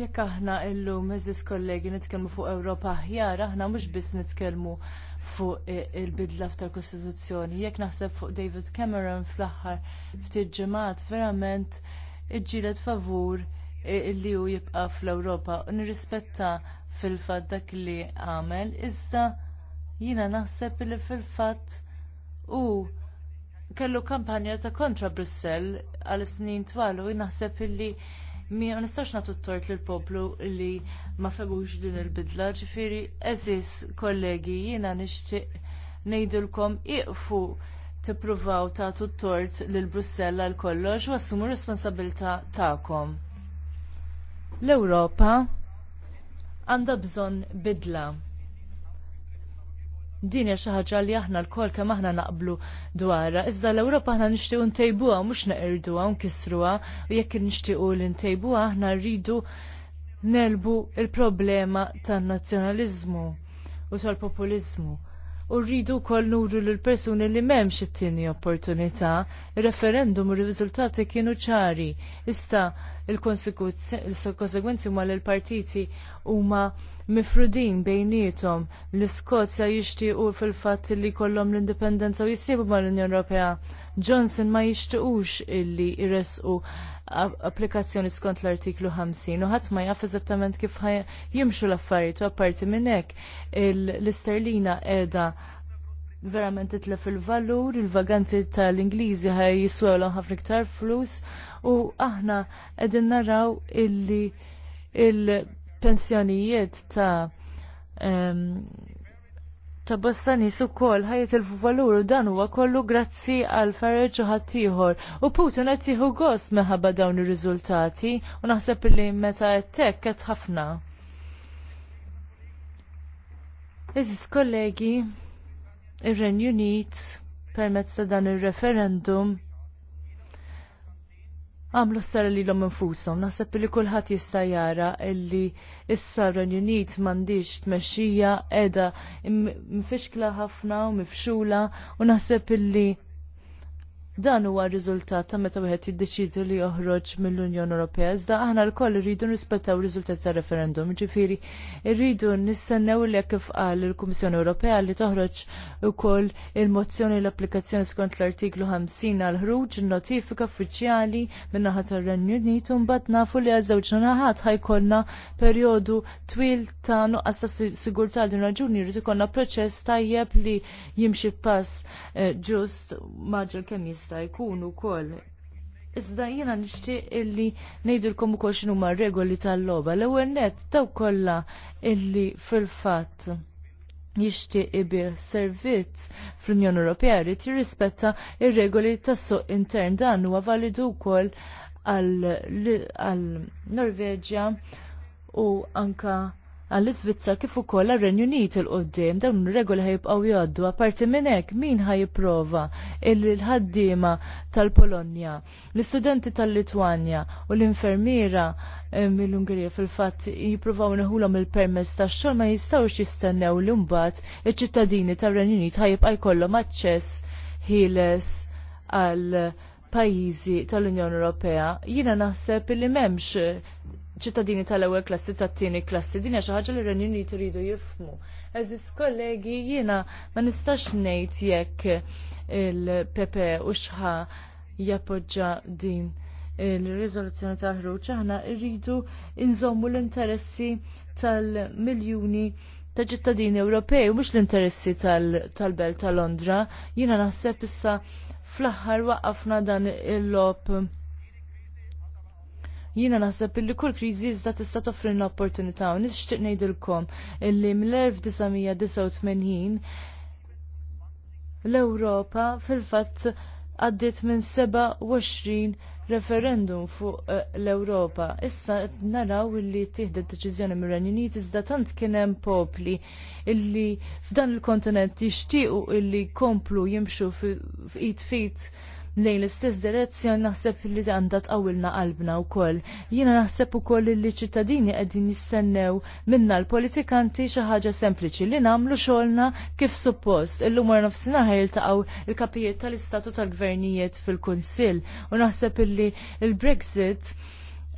Jekk aħna illum eżis kollegi nitkellmu fuq Ewropa aħjar, aħna mhux biss nitkellmu fuq il-bidla f'tal-Kostituzzjoni. Jekk naħseb fuq David Cameron fl-aħħar ftit ġimgħat verament iġġielet favur li hu jibqa' fl-Ewropa u nirrispetta fil-fatt dak li għamel, iżda jiena naħseb li fil-fatt hu kellu kampanja ta' kontra Brussell għal snin twalu naħseb li mi nistax nagħtu t-tort lill poplu li ma febux din il-bidla ġifieri eżis kollegi jiena nixtieq ngħidulkom iqfu tippruvaw tagħtu t-tort lil Brussell għal kollox u assumu r responsabilità tagħkom. L-Ewropa għandha bżonn bidla. Din hija xi ħaġa li aħna lkoll kemm aħna naqblu dwarha, iżda l-Ewropa aħna nixtiequ ntejbuha mhux neqirduha u nkissruha u jekk nixtiequ li ntejbuha aħna rridu nelbu il-problema tan-nazzjonaliżmu u tal-populiżmu u rridu wkoll nuru lill persuni li m'hemmx it-tieni opportunità. Ir-referendum u r-riżultati kienu ċari. Issa il-konsekwenzi huma li l-partiti huma mifrudin bejnietom l jishti jixtiequ fil-fatt li jkollhom l-indipendenza u jisibu mal-Unjoni Europea. Johnson ma jixtiequx illi jresqu applikazzjoni skont l-artiklu 50 u ħadd ma jaf eżattament kif jimxu l-affarijiet u apparti minn hekk l-isterlina qiegħda verament titlef il-valur, il-vaganti tal-Ingliżi ħaj jiswew ħafna iktar flus u aħna qegħdin naraw illi il-pensjonijiet ta' ta' bosta nies ukoll ħajet il-valur u dan huwa kollu grazzi għal Farage u ħaddieħor. U Putin qed jieħu gost meħabba dawn ir-riżultati u naħseb li meta qed qed ħafna. Eżis kollegi, ir-Renju Unit permezz ta' dan ir-referendum għamlu s-sar li l-om nfusom, Nasab li kullħat jista jara illi issa Unit mandiġ tmexxija edha mfixkla ħafna u mifxula u naħseb illi Dan huwa riżultat ta' meta wieħed jiddeċidu li joħroġ mill-Unjoni Ewropea. Iżda aħna lkoll irridu nrispettaw ir-riżultat ta' referendum. Ġifieri rridu nistennew li kif qal il-Kummissjoni Ewropea li toħroġ ukoll il-mozzjoni l-applikazzjoni skont l-artiklu 50 għal ħruġ notifika uffiċjali min naħa tar-Renju Unit u mbagħad nafu li għaż-żewġ naħat ħajkollna perjodu twil ta' nuqqas ta' sigurtà din raġuni jrid ikollna proċess tajjeb li jimxi pass eh, ġust maġġor kemm jista' jista' jkun ukoll. Iżda jiena nixtieq illi ngħidilkom ukoll x'inhu regoli tal-logħba. L-ewwel nett taw kollha illi fil-fatt jixtieq ibih servizz fl-Unjoni Ewropea jrid jirrispetta r regoli tas-suq intern dan huwa validu wkoll għal Norveġja u anka għall-Iżvizzar kif ukoll għar-Renju Unit il qudiem dawn ir-regoli ħajbqgħu jgħaddu apparti minn hekk min ħajipprova il-ħaddiema tal-Polonja, l-istudenti tal-Litwanja u l-infermiera eh, mill-Ungerija fil-fatt jippruvaw neħulhom il-permess tax-xogħol ma jistgħux jistennew li mbagħad iċ-ċittadini tar-Renju Unit ħajibqa' jkollhom aċċess ħieles għal pajjiżi tal-Unjoni Ewropea. Jiena naħseb li m'hemmx ċittadini tal-ewwel klassi tat-tieni klassi din hija xi ħaġa li r-Renjuni jridu jifhmu. Eżis kollegi jiena ma nistax ngħid jekk il-Pepe u xħa jappoġġa din il-riżoluzzjoni tal-ħruġ aħna rridu nżommu l-interessi tal-miljuni ta' ċittadini Ewropej u mhux l-interessi tal-Belt ta' Londra. Jiena naħseb issa fl-aħħar waqafna dan il-lob Jiena naħseb illi kull kriżi iżda tista' toffri l-opportunità u nixtieq ngħidilkom illi mill-1989 l-Ewropa fil-fatt għaddiet minn 27 referendum fuq eh, l-Ewropa. Issa naraw illi tieħdet deċiżjoni mir-Renju Unit iżda tant kien hemm popli illi f'dan il-kontinent jixtiequ illi jkomplu jimxu f'id fit lejn l-istess direzzjon naħseb li għandha tqawilna qalbna wkoll. Jiena naħseb ukoll li ċittadini qegħdin jistennew minna l-politikanti xi ħaġa sempliċi li nagħmlu xogħolna kif suppost. Illum wara nofsinhar jiltaqgħu il-kapijiet tal-istatu tal-gvernijiet fil-Kunsill u naħseb illi l brexit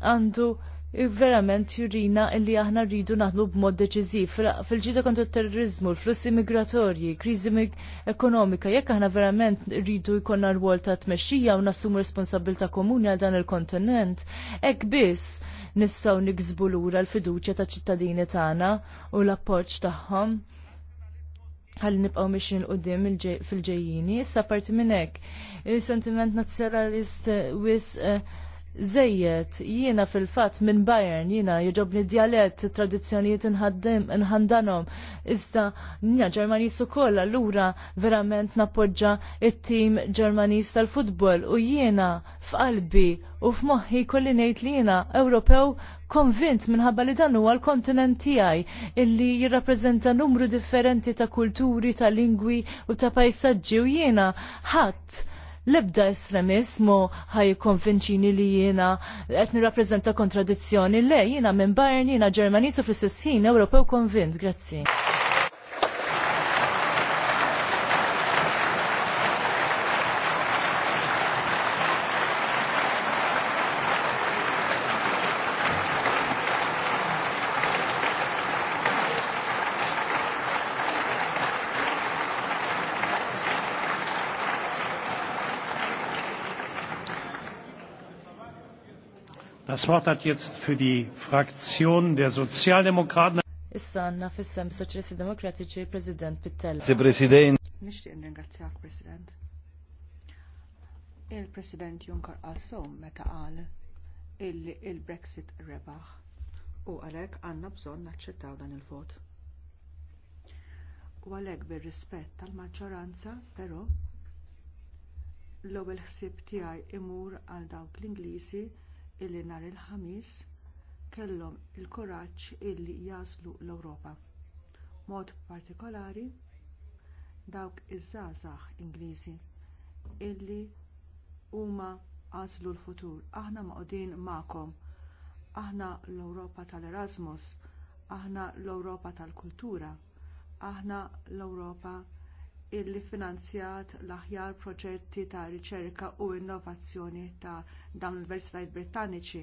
għandu verament jurina illi aħna rridu naħdmu b'mod deċiżiv fil-ġida kontra terrorizmu, l-flussi migratorji, kriżi ekonomika, jekk aħna verament rridu jkollna rwol ta' tmexxija u nassumu responsabilta komuni għal dan il-kontinent, hekk biss nistgħu niksbu lura l-fiduċja ta' ċittadini tagħna u l-appoġġ tagħhom ħalli nibqgħu mixin l-qoddim fil-ġejjini, issa parti minn hekk. Il-sentiment nazzjonalist wis uh, Zejjed, jiena fil-fat minn Bayern, jiena jġobni dialett, tradizjonijiet nħandanom, iżda nja Ġermanis u koll, allura verament nappoġġa it-tim Ġermanis tal-futbol u jiena f'qalbi u f'moħħi kolli ngħid li jiena Ewropew konvint minħabba li dan huwa l-kontinent tiegħi illi jirrappreżenta numru differenti ta' kulturi, ta' lingwi u ta' pajsaġġi u jiena ħadd l-ebda estremismu ħaj konvinċini li jiena qed nirrappreżenta kontradizzjoni. Le, jiena minn Bayern, jiena Ġermanis u fl-istess Ewropew konvint. Grazzi. Das Wort hat jetzt für die Fraktion der Sozialdemokraten. Issa għanna fissem Soċjalisti Demokratiċi President Pittella. Si President. Nishtiq nirringrazzjak President. Il-President Juncker għal-som meta qal illi il-Brexit rebaħ u għalhekk għandna bżonn naċċettaw dan il-vot. U għalhekk bir-rispett tal-maġġoranza, però l-ewwel ħsieb tiegħi imur għal dawk l-Ingliżi illi nhar il-ħamis kellhom il-kuraġġ illi jażlu l-Ewropa. Mod partikolari dawk iż-żgħażagħ Ingliżi illi huma għażlu l-futur. Aħna maqdin magħkom. Aħna l-Ewropa tal-Erasmus, aħna l-Ewropa tal-Kultura, aħna l-Ewropa tal illi finanzjat l-aħjar proġetti ta' riċerka u innovazzjoni ta' dawn l-Universitajt Brittaniċi.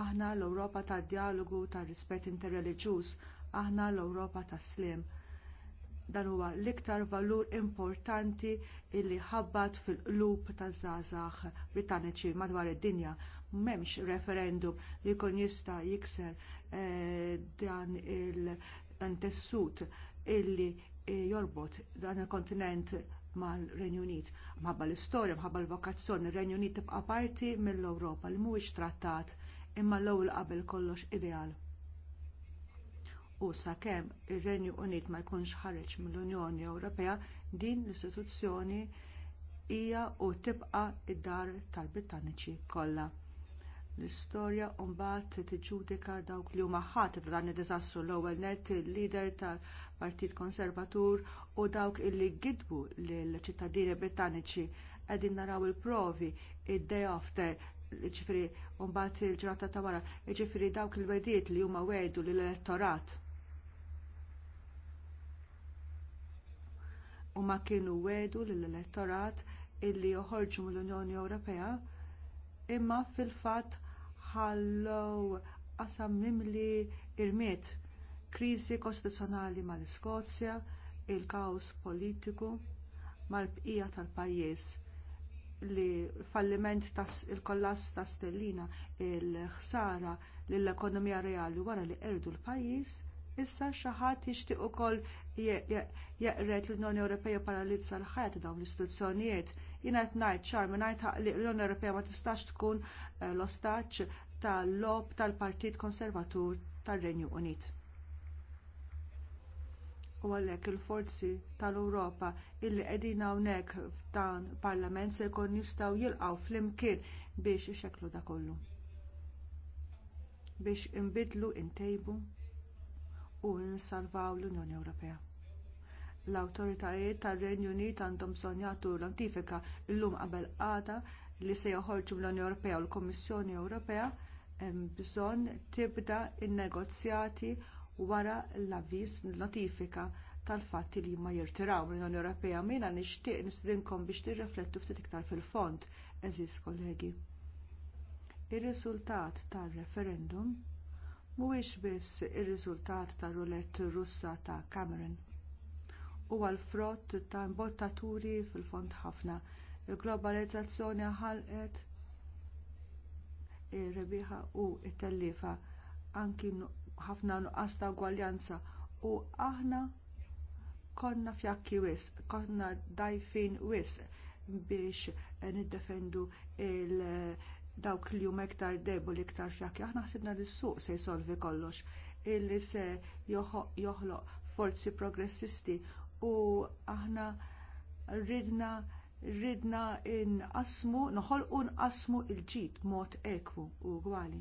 Aħna l-Ewropa tad dialogu tar rispett interreliġjuż, aħna l-Ewropa tas slim. Dan huwa l-iktar valur importanti illi ħabbat fil-qlub taż-żgħażagħ Brittaniċi madwar id-dinja. M'hemmx referendum li jkun jista' jikser eh, dan il-tessut illi jorbot dan il-kontinent mal-Renju Unit. Mħabba l-istorja, mħabba l-vokazzjoni, renju Unit tibqa' parti mill-Ewropa li mhuwiex trattat imma l-ewwel qabel kollox ideal. U sakemm ir-Renju Unit ma jkunx ħareġ mill-Unjoni Ewropea, din l-istituzzjoni hija u tibqa' id-dar tal-Brittaniċi kollha l-istorja u mbagħad tiġġudika dawk li huma ħadd ta' dan id-diżastru l-ewwel net il-lider tal-Partit Konservatur u dawk illi gidbu lill ċittadini Britanniċi qegħdin naraw il-provi id-day after ġifri mbagħad il-ġurnata ta' wara, ġifri dawk il-wedijiet li huma wedu lill elettorat U ma kienu wedu lill elettorat illi joħorġu mill-Unjoni Ewropea imma fil-fatt ħallow qasam mimli irmiet kriżi kostituzzjonali mal-Iskozja, il-kaos politiku mal-bqija tal-pajjiż li falliment tas il-kollass ta' stellina il-ħsara lill-ekonomija reali wara li qerdu l-pajjiż issa xi ħadd jixtieq ukoll jeqret l-Unjoni Ewropea paralizza l-ħajja ta' dawn l-istituzzjonijiet Jina qed ngħid xar minn li l-Unjoni Ewropea ma tistax tkun eh, l ostaċ tal-lob tal-Partit Konservatur tar-Renju Unit. U għalhekk il-forzi tal-Ewropa illi qegħdin hawnhekk f'dan parlament se jkun jistgħu jilqgħu flimkien biex ixekklu da kollu. Biex inbidlu intejbu u nsalvaw l-Unjoni Ewropea l-awtoritajiet tar-Renju Unit għandhom bżonn jagħtu notifika llum qabel għada li se joħorġu mill-Unjoni Ewropea u l-Kummissjoni Ewropea hemm bżonn tibda n-negozjati wara l-avviż notifika tal-fatt li ma jirtiraw mill-Unjoni Ewropea mina nixtieq nistidinkom biex tirriflettu ftit iktar fil-fond, eżis kollegi. Ir-riżultat tar-referendum mhuwiex biss ir-riżultat tar-rulett Russa ta' Cameron u għal frott ta' imbottaturi fil-fond ħafna. Il-globalizzazzjoni ħalqet ir-rebiħa u t tellifa anki ħafna nuqqas ta' gwaljanza u aħna konna fjakki wisq, konna dajfin wisq biex niddefendu dawk li huma iktar debu iktar fjakki. Aħna ħsibna li s-suq se jsolvi kollox illi se joħloq forzi progressisti u aħna ridna ridna noħol noħolqu nqasmu l-ġid mod ekwu u gwali.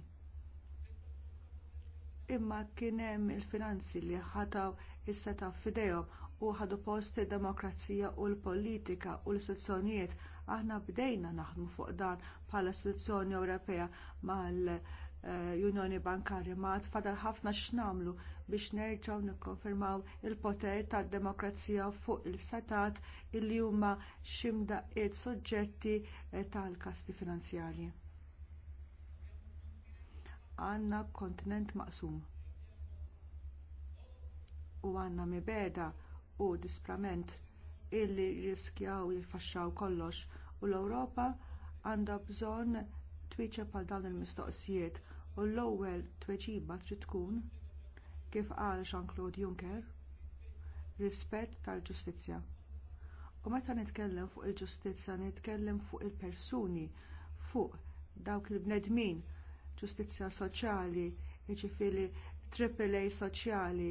Imma kien hemm il-finanzi li ħataw is-seta f'idejhom u ħadu post il demokrazija u l-politika u l-istituzzjonijiet aħna bdejna naħdmu fuq dan bħala istituzzjoni Ewropea mal-Unjoni eh, Bankarja ma fadal ħafna x'namlu biex nerġgħu nikkonfermaw il-poter tad-demokrazija fuq il-satat illi huma ximdaqiet soġġetti eh, tal-kasti finanzjarji. Għandna kontinent maqsum u għandna mibeda u disprament illi riskjaw jilfaxxaw kollox u l-Ewropa għandha bżonn twiċċa għal dawn il-mistoqsijiet u l-ewwel tweġiba trid tkun kif qal Jean-Claude Juncker, rispett tal-ġustizzja. U meta nitkellem fuq il-ġustizzja, nitkellem fuq il-persuni, fuq dawk il-bnedmin, ġustizzja soċjali, jiġifieri triple A soċjali,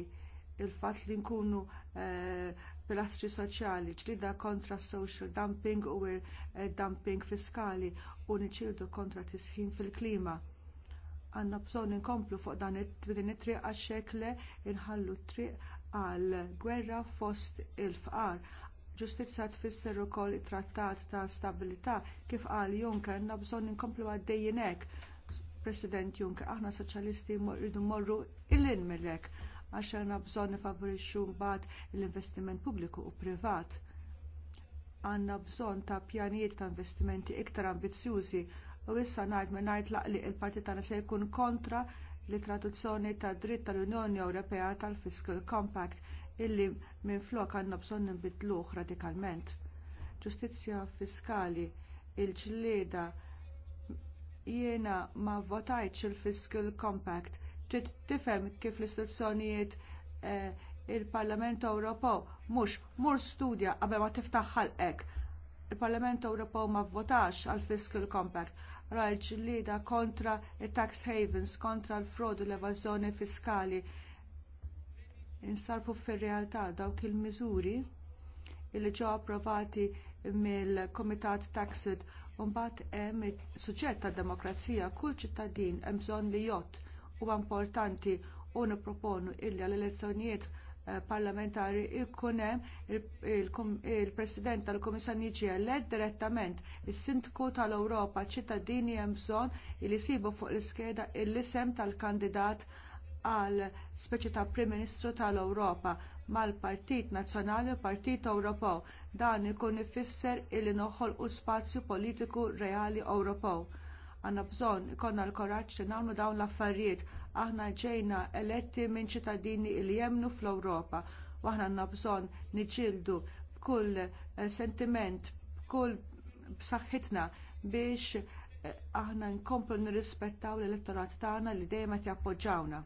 il fatt li nkunu eh, pilastri soċjali, ġlida kontra social dumping u eh, dumping fiskali u niċildu kontra tisħin fil-klima għandna bżonn inkomplu fuq dan it-triq għax-xekle inħallu t triq għal gwerra fost il-fqar. Ġustizzja tfisser ukoll it-trattat ta' stabilità kif qal Juncker għandna bżonn inkomplu għaddejjin hekk. President Juncker, aħna soċjalisti rridu mmorru il minn hekk għax għandna bżonn nifavorixxu mbagħad l-investiment pubbliku u privat. Għandna bżonn ta' pjanijiet ta' investimenti iktar ambizzjużi U issa ngħid mingħajr laqli l partit tagħna se jkun kontra li traduzzjoni tad dritt tal-Unjoni Ewropea tal-Fiscal Compact illi minflok għandna bżonn nbidluh radikalment. Ġustizzja fiskali, il-ġlieda jiena ma votajtx il-Fiscal Compact. Trid tifhem kif l-istituzzjonijiet eh, il-Parlament Ewropew mhux mur studja qabel ma tiftaħ ħalqek. Il-Parlament Ewropew ma votax għall fiscal Compact ra l-ġlida kontra tax havens, kontra l-frodu l evażjoni fiskali. Insarfu fir-realtà dawk il-miżuri li ġew approvati mill-Komitat Taxed Mbagħad hemm suġġett tad-demokrazija kull ċittadin hemm bżonn li jott huwa importanti u nipproponu illi għall elezzjonijiet parlamentari ikun hemm il-President tal kummissjoni jiġi elett direttament is-Sindku tal-Ewropa ċittadini hemm bżonn li jsibu fuq l-iskeda l-isem tal-kandidat għal speċi ta' Prim Ministru tal-Ewropa mal-Partit Nazzjonali u Partit Ewropew. Dan ikun ifisser illi noħolqu spazju politiku reali Ewropew. Għandna bżonn ikollna l-koraġġ li nagħmlu dawn l-affarijiet aħna ġejna eletti minn ċittadini li jemnu fl-Ewropa u aħna għandna bżonn niġildu kull eh, sentiment, kull b'saħħitna biex eh, aħna nkomplu nirrispettaw l-elettorat tagħna li dejjem qed jappoġġawna.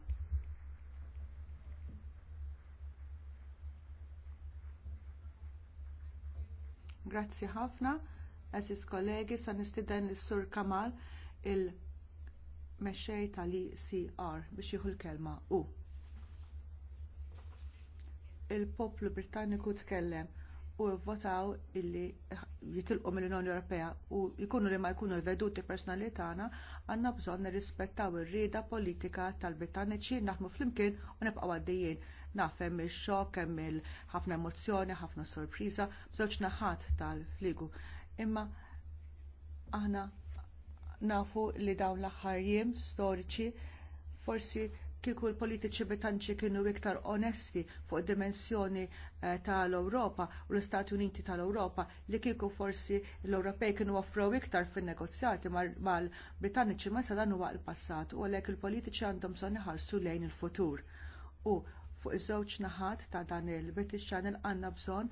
Grazzi ħafna, eżis kollegi, sa' nistieden lis sur Kamal il- mexxej tal-ICR biex jieħu l-kelma u il-poplu Britanniku tkellem u votaw illi jitilqu mill-Unjoni Ewropea u jkunu li ma jkunu l-veduti personali tagħna għandna bżonn nirrispettaw ir-rieda politika tal-Britanniċi naħdmu flimkien u nibqgħu għaddejjin Nafhem il xokk hemm il-ħafna emozjoni, ħafna sorpriża, bżoċ naħat tal-fligu. Imma aħna nafu li dawn l-aħħar jiem storiċi forsi kieku l-politiċi Britanniċi kienu iktar onesti fuq id dimensjoni eh, tal-Ewropa u l-Istati Uniti tal-Ewropa li kieku forsi l-Ewropej kienu offrew iktar fin-negozjati mal-Britanniċi ma sa dan huwa l-passat u għalhekk il-politiċi għandhom bżonn iħarsu lejn il-futur. U fuq iż-żewġ naħat ta' dan il-British Channel għandna bżonn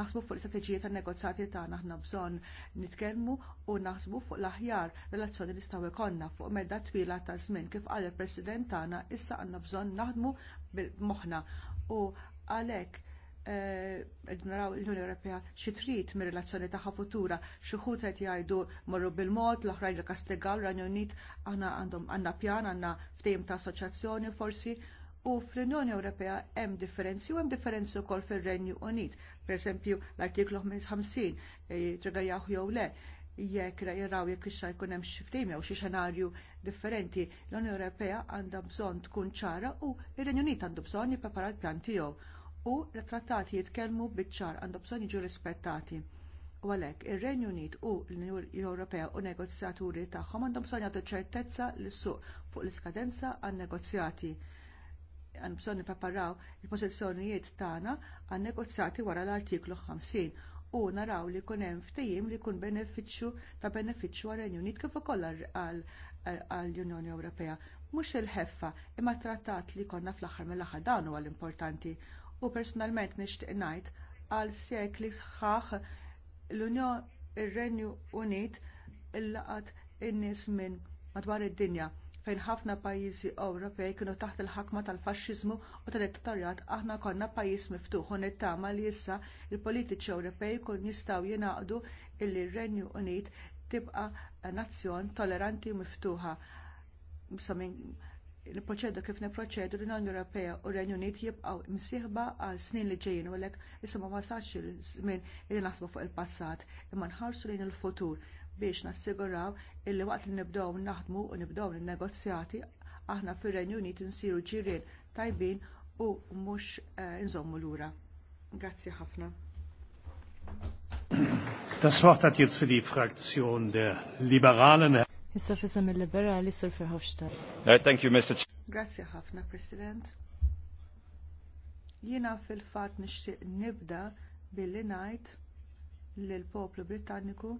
naħsbu fuq l-istrateġija tan negozjati tagħna aħna bżonn nitkellmu u naħsbu fuq l-aħjar relazzjoni li staw jkollna. fuq medda twila ta' żmien kif qal il-President tagħna issa għandna bżonn naħdmu bil-moħħna u għalhekk eh, naraw l-Unjoni Ewropea xi trid mir-relazzjoni tagħha futura xi ħut qed jgħidu morru bil-mod l-oħrajn li kastigaw l-Unjoni Unit aħna għandhom għandna pjan għandna ftehim ta' assoċjazzjoni forsi u fl-Unjoni Ewropea hemm differenzi u hemm differenzi wkoll fir-Renju Unit. Pereżempju l-artiklu 55 e, jaħu jew le jekk jaraw jekk ix jkun hemm xi ftehim jew xi xenarju differenti. L-Unjoni Ewropea għandha bżonn tkun ċara u r-Renju Unit għandu bżonn jipprepara l-pjan tiegħu. U l-trattati jitkellmu biċ-ċar għandhom bżonn jiġu rispettati. U għalhekk ir-Renju Unit u l-Unjoni Ewropea u negozjaturi tagħhom għandhom bżonn jagħtu ċertezza lis suq fuq l-iskadenza għan negozjati għan bżon nipaparaw il-pozizjonijiet tagħna għan negozjati wara l-artiklu 50 u naraw li jkun hemm ftehim li jkun benefiċċju ta' benefiċċju għal Unit kif ukoll għall-Unjoni Ewropea. Mhux il-ħeffa imma trattat li konna fl-aħħar mill-aħħar dan huwa l-importanti. U personalment nixtieq ngħid għal sekli sħaħ l-Unjon ir-Renju Unit il-laqat in-nies minn madwar id-dinja fejn ħafna pajjiżi Ewropej kienu taħt il-ħakma tal-faxxiżmu u tal-dittatorjat aħna konna pajjiż miftuħ u nittama li issa l politiċi Ewropej kun jistgħu jingħaqdu illi r-Renju Unit tibqa' nazzjon toleranti u miftuħa. Niproċedu kif niproċedu l-Unjoni Ewropea u r-Renju Unit jibqgħu msieħba għal snin li ġejjin u għalhekk issa ma wasalx il-żmien li naħsbu fuq il-passat imma nħarsu lejn il-futur biex nassiguraw illi waqt li nibdew naħdmu u nibdew il-negozjati aħna fir-Renju Unit insiru ġirien tajbin u mhux eh, inżommu lura. Grazzi ħafna. Das Wort hat jetzt für die Fraktion der Liberalen. Issa liberali Sir Verhofstadt. Uh, thank you, Mr. Grazie ħafna, President. Jiena fil-fat nixtieq nibda billi ngħid lil poplu Britanniku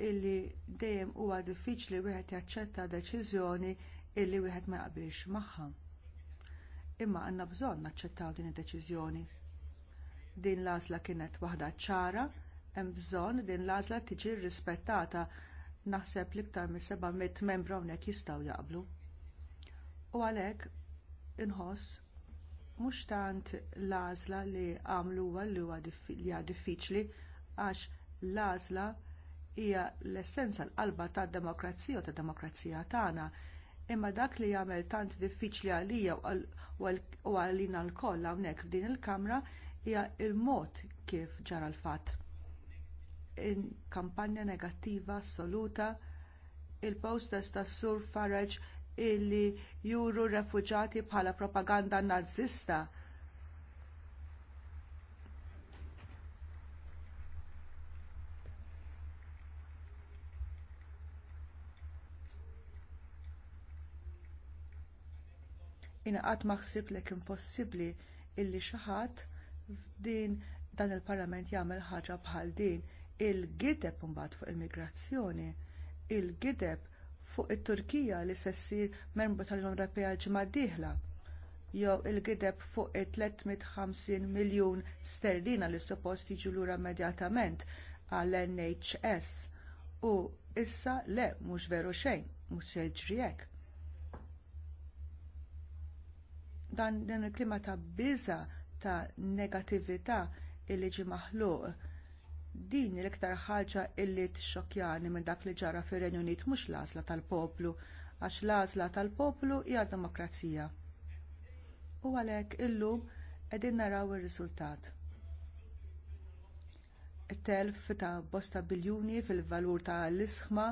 illi dejjem huwa diffiċli wieħed jaċċetta deċiżjoni illi wieħed ma jaqbilx magħha. Imma għandna bżonn naċċettaw din id-deċiżjoni. Din l-għażla kienet waħda ċara, hemm bżonn din l-għażla tiġi rrispettata naħseb li iktar minn seba' mit membru hawnhekk jistgħu jaqblu. U għalhekk inħoss mhux tant l-għażla li għamlu huwa li huwa diffiċli għax l-għażla hija l-essenza l-qalba tad-demokrazija u tad-demokrazija tagħna. Imma dak li jagħmel tant diffiċli għalija u għalina lkoll hawnhekk f'din il-Kamra hija l mod kif ġara l-fatt. In kampanja negattiva assoluta, il-posters tas Sur Farage illi juru r refuġati bħala propaganda nazzista inaqat maħsib lek impossibbli illi xi ħadd f'din dan il-parlament jagħmel ħaġa bħal din il-gideb mbagħad fuq il-migrazzjoni, il-gideb fuq it-Turkija li se ssir membru tal-Unjoni Ewropea ġimgħa d-dieħla jew il-gideb fuq it-350 miljun sterlina li suppost jiġu lura immedjatament għall nhs u issa le mhux veru xejn, mhux se jiġri hekk. dan din il-klima ta' biża ta' negattività illi ġie maħluq din l-iktar ħaġa illi tixxokjani minn dak li ġara fir-Renju Unit mhux l-għażla tal-poplu għax l-għażla tal-poplu hija d demokrazija. U għalhekk illum qegħdin naraw ir-riżultat. It-telf ta' bosta biljuni fil-valur ta' l-isħma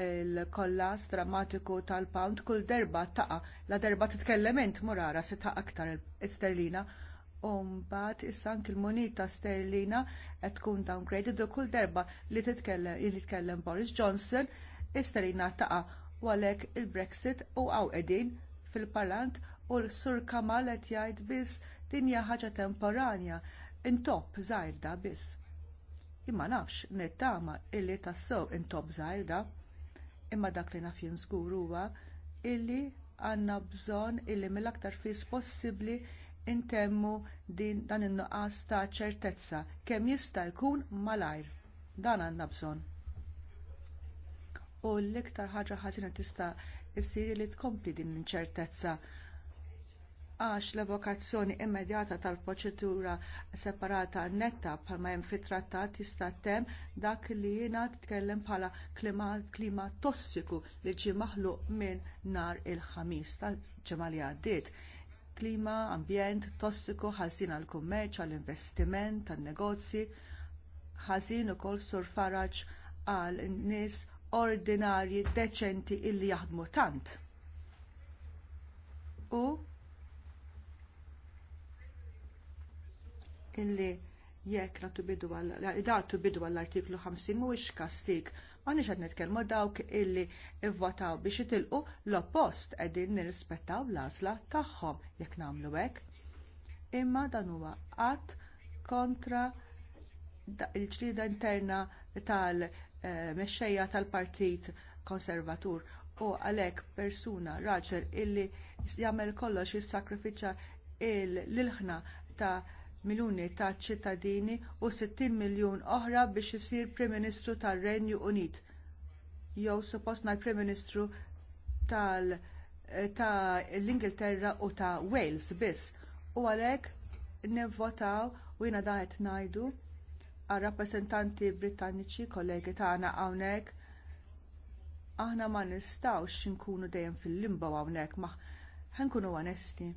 il-kollas drammatiku tal-pound kull derba taqa, la derba titkellem int murara se taqa aktar sterlina. Umbat issa anki l-monita sterlina qed tkun downgraded u kull derba li titkellem Boris Johnson sterlina taqa u għalhekk il-Brexit u għaw qegħdin fil-Parlament u l-Sur Kamal qed jgħid biss din hija ħaġa temporanja intopp żgħir biss. Imma nafx nittama illi tassew intopp żgħir imma dak li naf jien żgur huwa illi għandna bżonn illi mill-aktar fis possibbli intemmu din dan in-nuqqas ta' ċertezza kemm jista' jkun malajr. Dan għandna bżonn. U l-iktar ħaġa ħażina tista' issir li tkompli din l-inċertezza għax l-evokazzjoni immedjata tal-proċedura separata netta bħalma hemm fit-trattat tista' tem dak li jiena tkellem bħala klima, tossiku li ġie maħluq minn nhar il-ħamis tal-ġimgħa li għaddiet. Klima, ambjent, tossiku, ħażin għall kummerċ għall-investiment, tan-negozji, ħażin ukoll sur faraġ għal nies ordinarji deċenti illi jaħdmu tant. U illi jekk natu bidu għal-datu bidu għall-artiklu 50 mhuwiex kastik. Ma nix qed nitkellmu dawk illi ivvotaw biex itilqu l-oppost qegħdin nirrispettaw l-għażla tagħhom jekk nagħmlu hekk. Imma dan huwa qatt kontra il-ġrida interna tal-mexxejja tal-Partit Konservatur u għalhekk persuna raġel illi jagħmel kollox jissakrifiċċja l lilħna ta' miljuni ta' ċittadini u 60 miljun oħra biex isir Prim Ministru tar-Renju Unit. Jew suppost l Prim Ministru tal eh, ta' l-Ingilterra u ta' Wales biss. U għalhekk nivvotaw u jiena dan qed ngħidu għar rappreżentanti Britanniċi kollegi tagħna hawnhekk aħna ma nistgħux nkunu dejjem fil-limbo hawnhekk ma ħankunu onesti.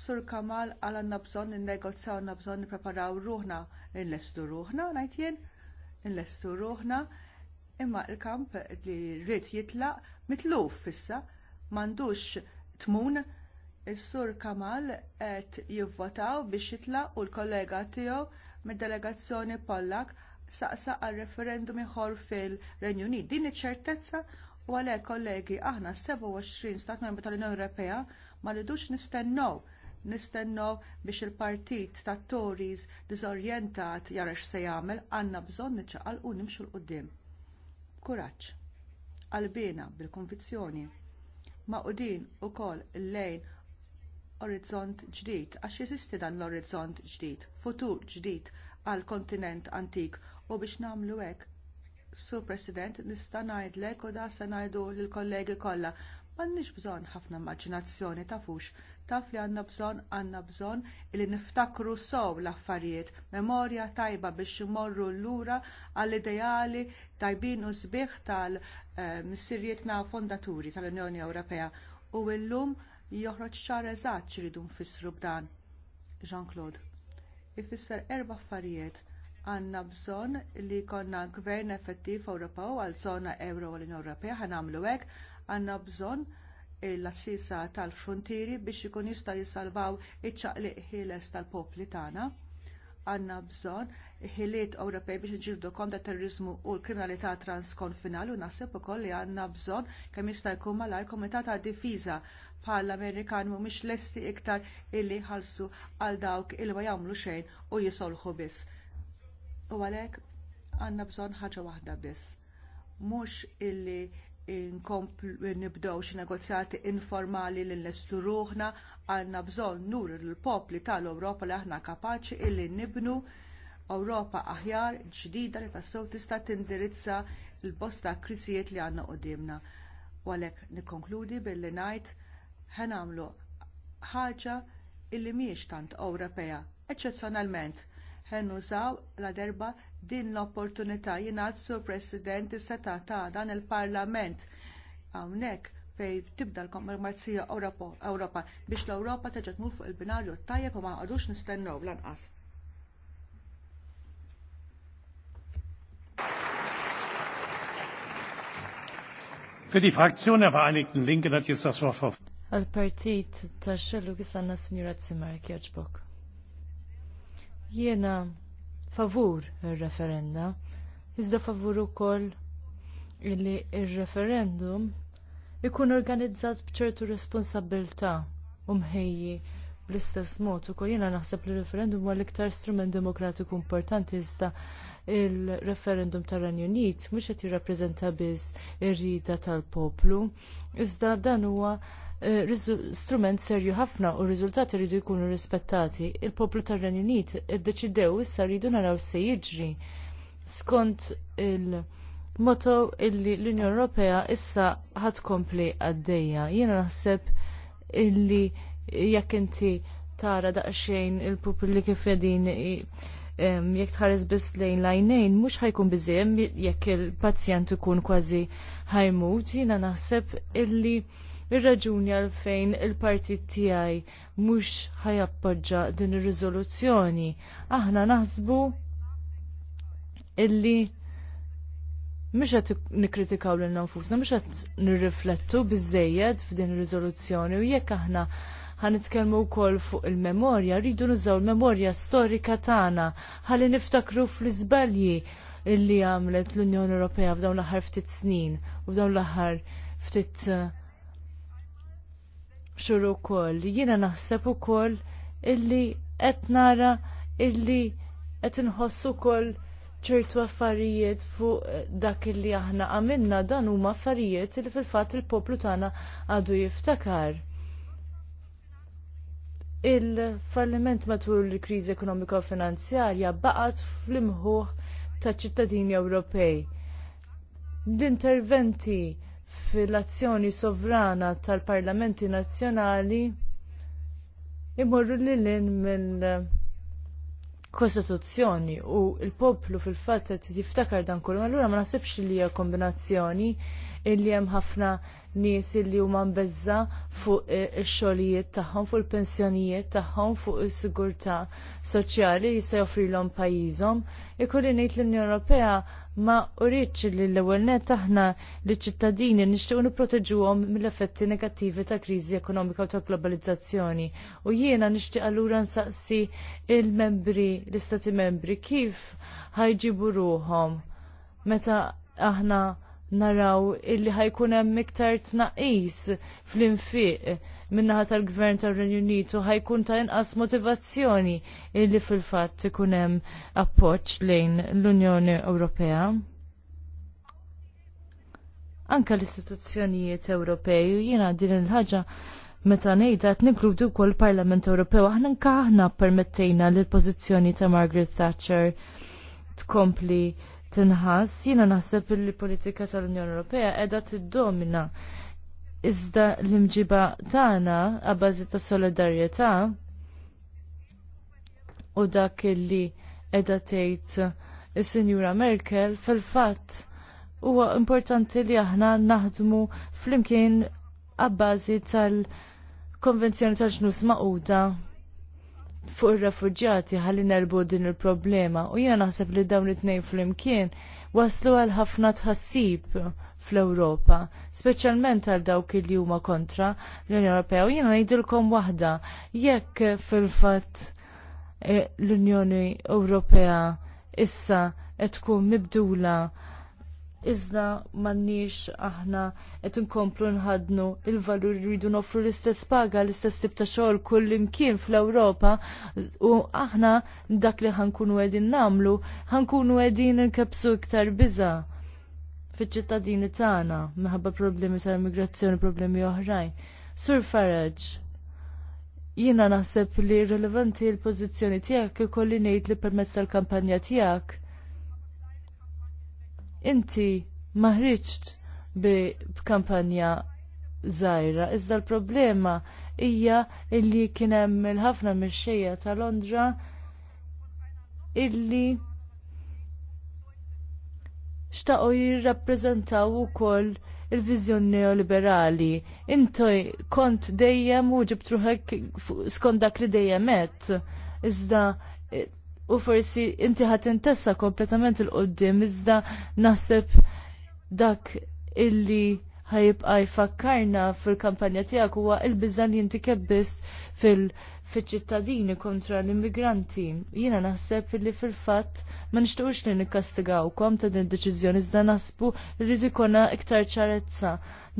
Sur Kamal għala għanna bżon n-negozzaw għanna bżon n-preparaw ruħna, n-lestu ruħna, najtjen, n-lestu ruħna, imma l kamp li rrit jitlaq mitluf fissa, m'għandux tmun, Is-Sur Kamal qed jivvotaw biex jitlaq u l-kollega tiegħu mid-delegazzjoni Pollak saqsa għal referendum ieħor fil-Renju Unit. Din iċ-ċertezza u għalhekk kollegi aħna 27 stat membru tal-Unjoni Ewropea ma rridux nistennew nistennew biex il-partit tat Tories diżorjentat jara x'se jagħmel għandna bżonn niċċaqal u nimxu l qudiem Kuraġġ. Qalbina bil-konvizzjoni. Ma' qudin ukoll lejn orizzont ġdid għax jeżisti dan l-orizzont ġdid, futur ġdid għall kontinent antik u biex nagħmlu hekk, Sur President, nista' ngħidlek u da se ngħidu lill kollegi kollha m'għandniex bżonn ħafna immaġinazzjoni tafux taf li għandna bżonn għandna bżonn li niftakru sew l-affarijiet, memorja tajba biex imorru lura għall-ideali tajbin u sbieħ tal-missirietna fondaturi tal-Unjoni Ewropea u llum joħroġ ċar eżatt xiridu nfissru b'dan. Jean-Claude, ifisser erba' affarijiet għandna bżonn li jkollna gvern effettiv Ewropew għal żona Ewro u l-Unjoni Ewropea hekk għandna bżonn l-assisa tal-frontieri biex ikun jista' jissalvaw iċ-ċaqliq ħieles tal-popli tagħna. Għandna bżonn ħiliet Ewropej biex iġildu kontra terrorizmu u l-kriminalità transkonfinali u naħseb ukoll li għandna bżonn kemm jista' jkun malajr komitat ta' difiża bħal Amerikan mhumiex lesti iktar illi ħalsu għal dawk il ma jagħmlu xejn u jisolħu biss. U għalhekk għandna bżonn ħaġa waħda biss. Mhux illi nibdew xi negozjati informali li nlestu ruħna għandna bżonn nur lill popli tal-Ewropa li aħna kapaċi illi nibnu Ewropa aħjar ġdida li tassew tista' tindirizza l-bosta krisijiet li għandna qudiemna. U għalhekk nikkonkludi billi ngħid nagħmlu ħaġa illi mhijiex tant Ewropea, eċċezzjonalment nużaw la derba din l-opportunità jingħad sur President is-seta ta' dan il-Parlament hawnhekk fejn tibda l-kommerzija Ewropa biex l-Ewropa teġa' tmur fuq il-binarju tajjeb u ma għadux nistennew lanqas. al xellu Signora Zimmer Jiena favur il referenda iżda favur ukoll illi il referendum ikun organizzat bċertu responsabilità u mħejji bl-istess mod kol jiena naħseb li referendum huwa l-iktar strument demokratiku importanti iżda il-referendum tar ran Unit mhux qed jirrappreżenta biss ir-rida tal-poplu, iżda dan huwa Eh, strument serju ħafna u r-riżultati rridu jkunu rispettati. Il-poplu tar-Renju Unit iddeċidew issa rridu naraw se jiġri skont il- moto illi l-Unjoni Ewropea issa ħad kompli għaddejja. Jiena naħseb illi jekk inti tara daqsxejn il-pupilli kif qegħdin jekk tħares biss lejn lajnejn mhux ħajkun biżejjem jekk il-pazjent ikun kważi ħajmut, jiena naħseb illi ir-raġuni għalfejn il-partit tiegħi mhux ħajappoġġa din ir-riżoluzzjoni. Aħna naħsbu illi mhux qed nikkritikaw lil nfusna, mhux qed nirriflettu biżejjed f'din ir-riżoluzzjoni u jekk aħna ħanitkellmu wkoll fuq il-memorja, rridu nużaw il-memorja storika tagħna ħalli niftakru fl-iżbalji illi għamlet l-Unjoni Ewropea f'dawn l-aħħar ftit snin u f'dawn l-aħħar ftit uh, xur ukoll. Jiena naħseb ukoll illi qed nara illi qed inħossu ukoll ċertu affarijiet fuq dak illi aħna għamilna dan huma affarijiet li fil-fatt il-poplu tagħna għadu jiftakar. Il-falliment matul il-kriżi ekonomika u finanzjarja baqgħet fl-imħuħ taċ ċittadini Ewropej. L-interventi fil-azzjoni sovrana tal-parlamenti nazzjonali imorru lilin mill kostituzzjoni u l poplu fil fatt qed jiftakar dan kollu, allura ma naħsibx li hija kombinazzjoni illi hemm ħafna nies li huma mbeżza fuq eh, ix-xogħlijiet tagħhom, fuq il-pensjonijiet tagħhom, fuq is-sigurtà soċjali li se joffrilhom pajjiżhom. Ikolli ngħid l-Unjoni Ewropea ma urridx li l-ewwel net aħna li ċittadini nixtiequ nipproteġuhom mill-effetti negattivi tal kriżi ekonomika u tal globalizzazzjoni. U jiena nixtieq allura nsaqsi il-membri, l-istati membri kif ħajġibu ruhom meta aħna naraw illi ħajkun hemm iktar tnaqis fl-infiq minnaħa tal-Gvern tar-Renju Unitu ħajkun ta' inqas motivazzjoni illi fil-fatt ikun hemm appoġġ lejn l-Unjoni Ewropea. Anka l-istituzzjonijiet Ewropej jiena din il-ħaġa meta ngħidha qed nikludu wkoll Parlament Ewropew aħna nka aħna permettejna l pożizzjoni ta' Margaret Thatcher tkompli tinħass, jiena naħseb li politika tal-Unjoni Ewropea qiegħda tiddomina. Iżda l-imġiba tagħna abbażi ta' solidarjetà u dak li qiegħda tgħid is-Sinjura Merkel fil-fatt huwa importanti li aħna naħdmu flimkien abbażi tal-Konvenzjoni tal-ġnus Maquda fuq ir-refuġjati ħalli nerbu din il-problema u jiena naħseb li dawn it-tnejn flimkien waslu għal ħafna tħassib fl-Ewropa, speċjalment għal dawk li huma kontra l-Unjoni Ewropea. U jiena ngħidilkom waħda, jekk fil-fatt eh, l-Unjoni Ewropea issa qed tkun mibdula iżda m'għandniex aħna qed inkomplu nħadnu il-valur rridu nofru l-istess paga, l-istess tip ta' xogħol kull imkien fl-Ewropa u aħna dak li ħankunu qegħdin nagħmlu ħankunu qegħdin inkebsu iktar biża' fiċ-ċittadini tagħna minħabba problemi tal-immigrazzjoni, problemi oħrajn. Sur Farage, jiena naħseb li rilevanti l-pożizzjoni tiegħek ikolli ngħid li permezz tal-kampanja tiegħek inti bi b'kampanja zaħira, iżda l-problema hija illi kien hemm il-ħafna mixxejja ta' Londra illi jirrapprezentaw jirrappreżentaw ukoll il-vizjon neoliberali. Intoj kont dejjem u ġibt skont dak li dejjem qed. Iżda u forsi inti ħat intessa kompletament il-qoddim iżda naħseb dak illi ħajibqa jfakkarna fil-kampanja tiegħek huwa l-biża li inti kebbist fil-ċittadini kontra l-immigranti. Jiena naħseb li fil-fatt ma nixtiequx li nikkastigawkom ta' din id-deċiżjoni iżda naħsbu li jkollna iktar ċarezza.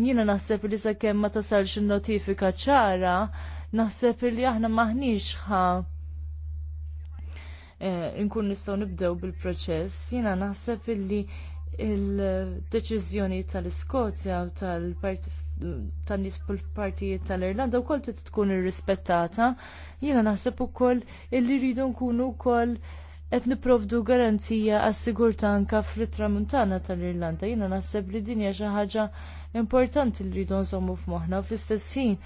Jiena naħseb li sakemm ma tasalx in-notifika ċara, naħseb li aħna maħniex ħa Eh, nkun nistgħu nibdew bil-proċess. Jiena naħseb illi il-deċiżjoni tal-Iskozja u tal tan-nies partijiet tal-Irlanda wkoll trid tkun irrispettata. Jiena naħseb ukoll illi rridu nkunu wkoll qed nipprovdu garanzija għas-sigurtà anke fit tramuntana tal-Irlanda. Jiena naħseb li din hija xi ħaġa importanti li rridu nżommu f'moħħna u fl-istess ħin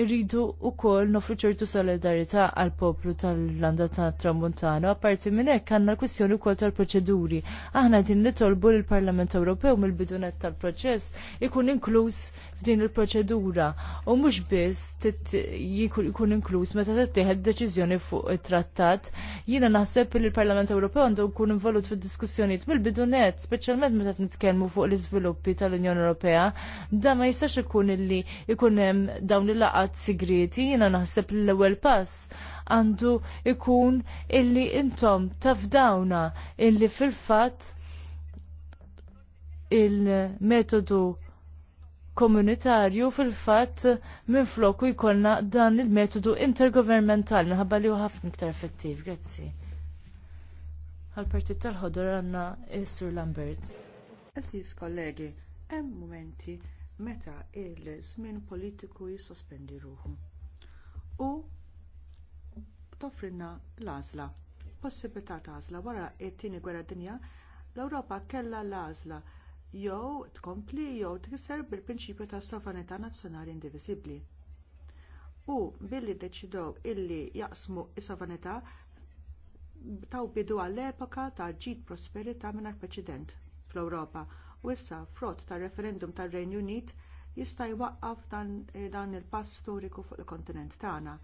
irridu wkoll nofru ċertu solidarita għal poplu tal-Irlanda tat-Tramuntana, apparti minn hekk għandna l-kwistjoni wkoll tal-proċeduri. Aħna din nitolbu lill parlament Ewropew mill-bidunet tal-proċess ikun inkluż f'din il-proċedura u mhux biss jkun inkluż meta tittieħed deċiżjoni fuq it-trattat. Jiena naħseb li l-Parlament Ewropew għandu jkun involut fid-diskussjonijiet mill-bidu net, speċjalment meta nitkellmu fuq l-iżviluppi tal-Unjoni Ewropea, da ma jistax ikun illi ikun hemm dawn il-laqgħat sigreti, jiena naħseb li l-ewwel pass għandu ikun illi intom tafdawna illi fil-fatt il-metodu komunitarju fil-fatt minfloku jkollna dan il-metodu intergovernmental minħabba li ħafna iktar effettiv. Grazzi. Għal-partit tal-ħodor għanna Sur Lambert. Aziz kollegi, hemm meta il-żmien politiku jissospendi ruħu. U toffrinna l-għażla. Possibilità ta' għażla wara t-tieni gwerra dinja l-Ewropa kellha l-għażla jew tkompli jew tkisser bil-prinċipju ta' sovranità nazzjonali indivisibbli. U billi ddeċidew illi jaqsmu s-sovranità taw bidu għall-epoka ta' ġid prosperità mingħajr preċedent fl-Ewropa u issa frott tar referendum tar renju Unit jista' jwaqqaf dan, dan il-pass storiku fuq il-kontinent tagħna.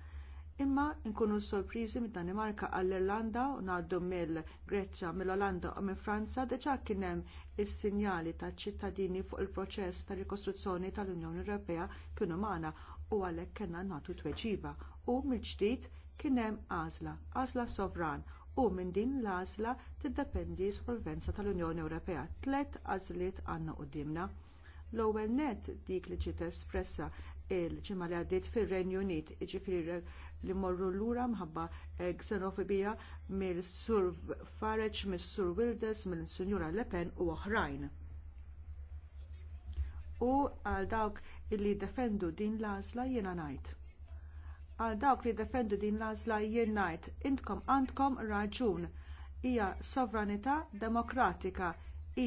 Imma nkunu sorpriżi mid Danimarka għall-Irlanda u ngħaddu mill greċja mill-Olanda u mill Franza diġà kien hemm is-sinjali taċ-ċittadini fuq il-proċess ta' rikostruzzjoni tal-Unjoni Ewropea kienu magħna u għalhekk kellna nagħtu tweġiba u mill-ġdid kien hemm għażla, għażla sovran u minn din l-għażla tiddependi s-solvenza tal-Unjoni Ewropea. Tlet għażliet għandna qudiemna. L-ewwel nett dik li ġiet espressa il-ġimgħa li għaddiet fir-Renju Unit, jiġifieri li morru lura mħabba eh, xenofobija mill-Sur Fareġ, mill-Sur Wildes, mill-Sinjura Le Pen u oħrajn u għal dawk illi defendu din l-għażla jiena ngħid. Għal dawk li defendu din l-għażla jien ngħid, intkom għandkom raġun. Hija sovranità demokratika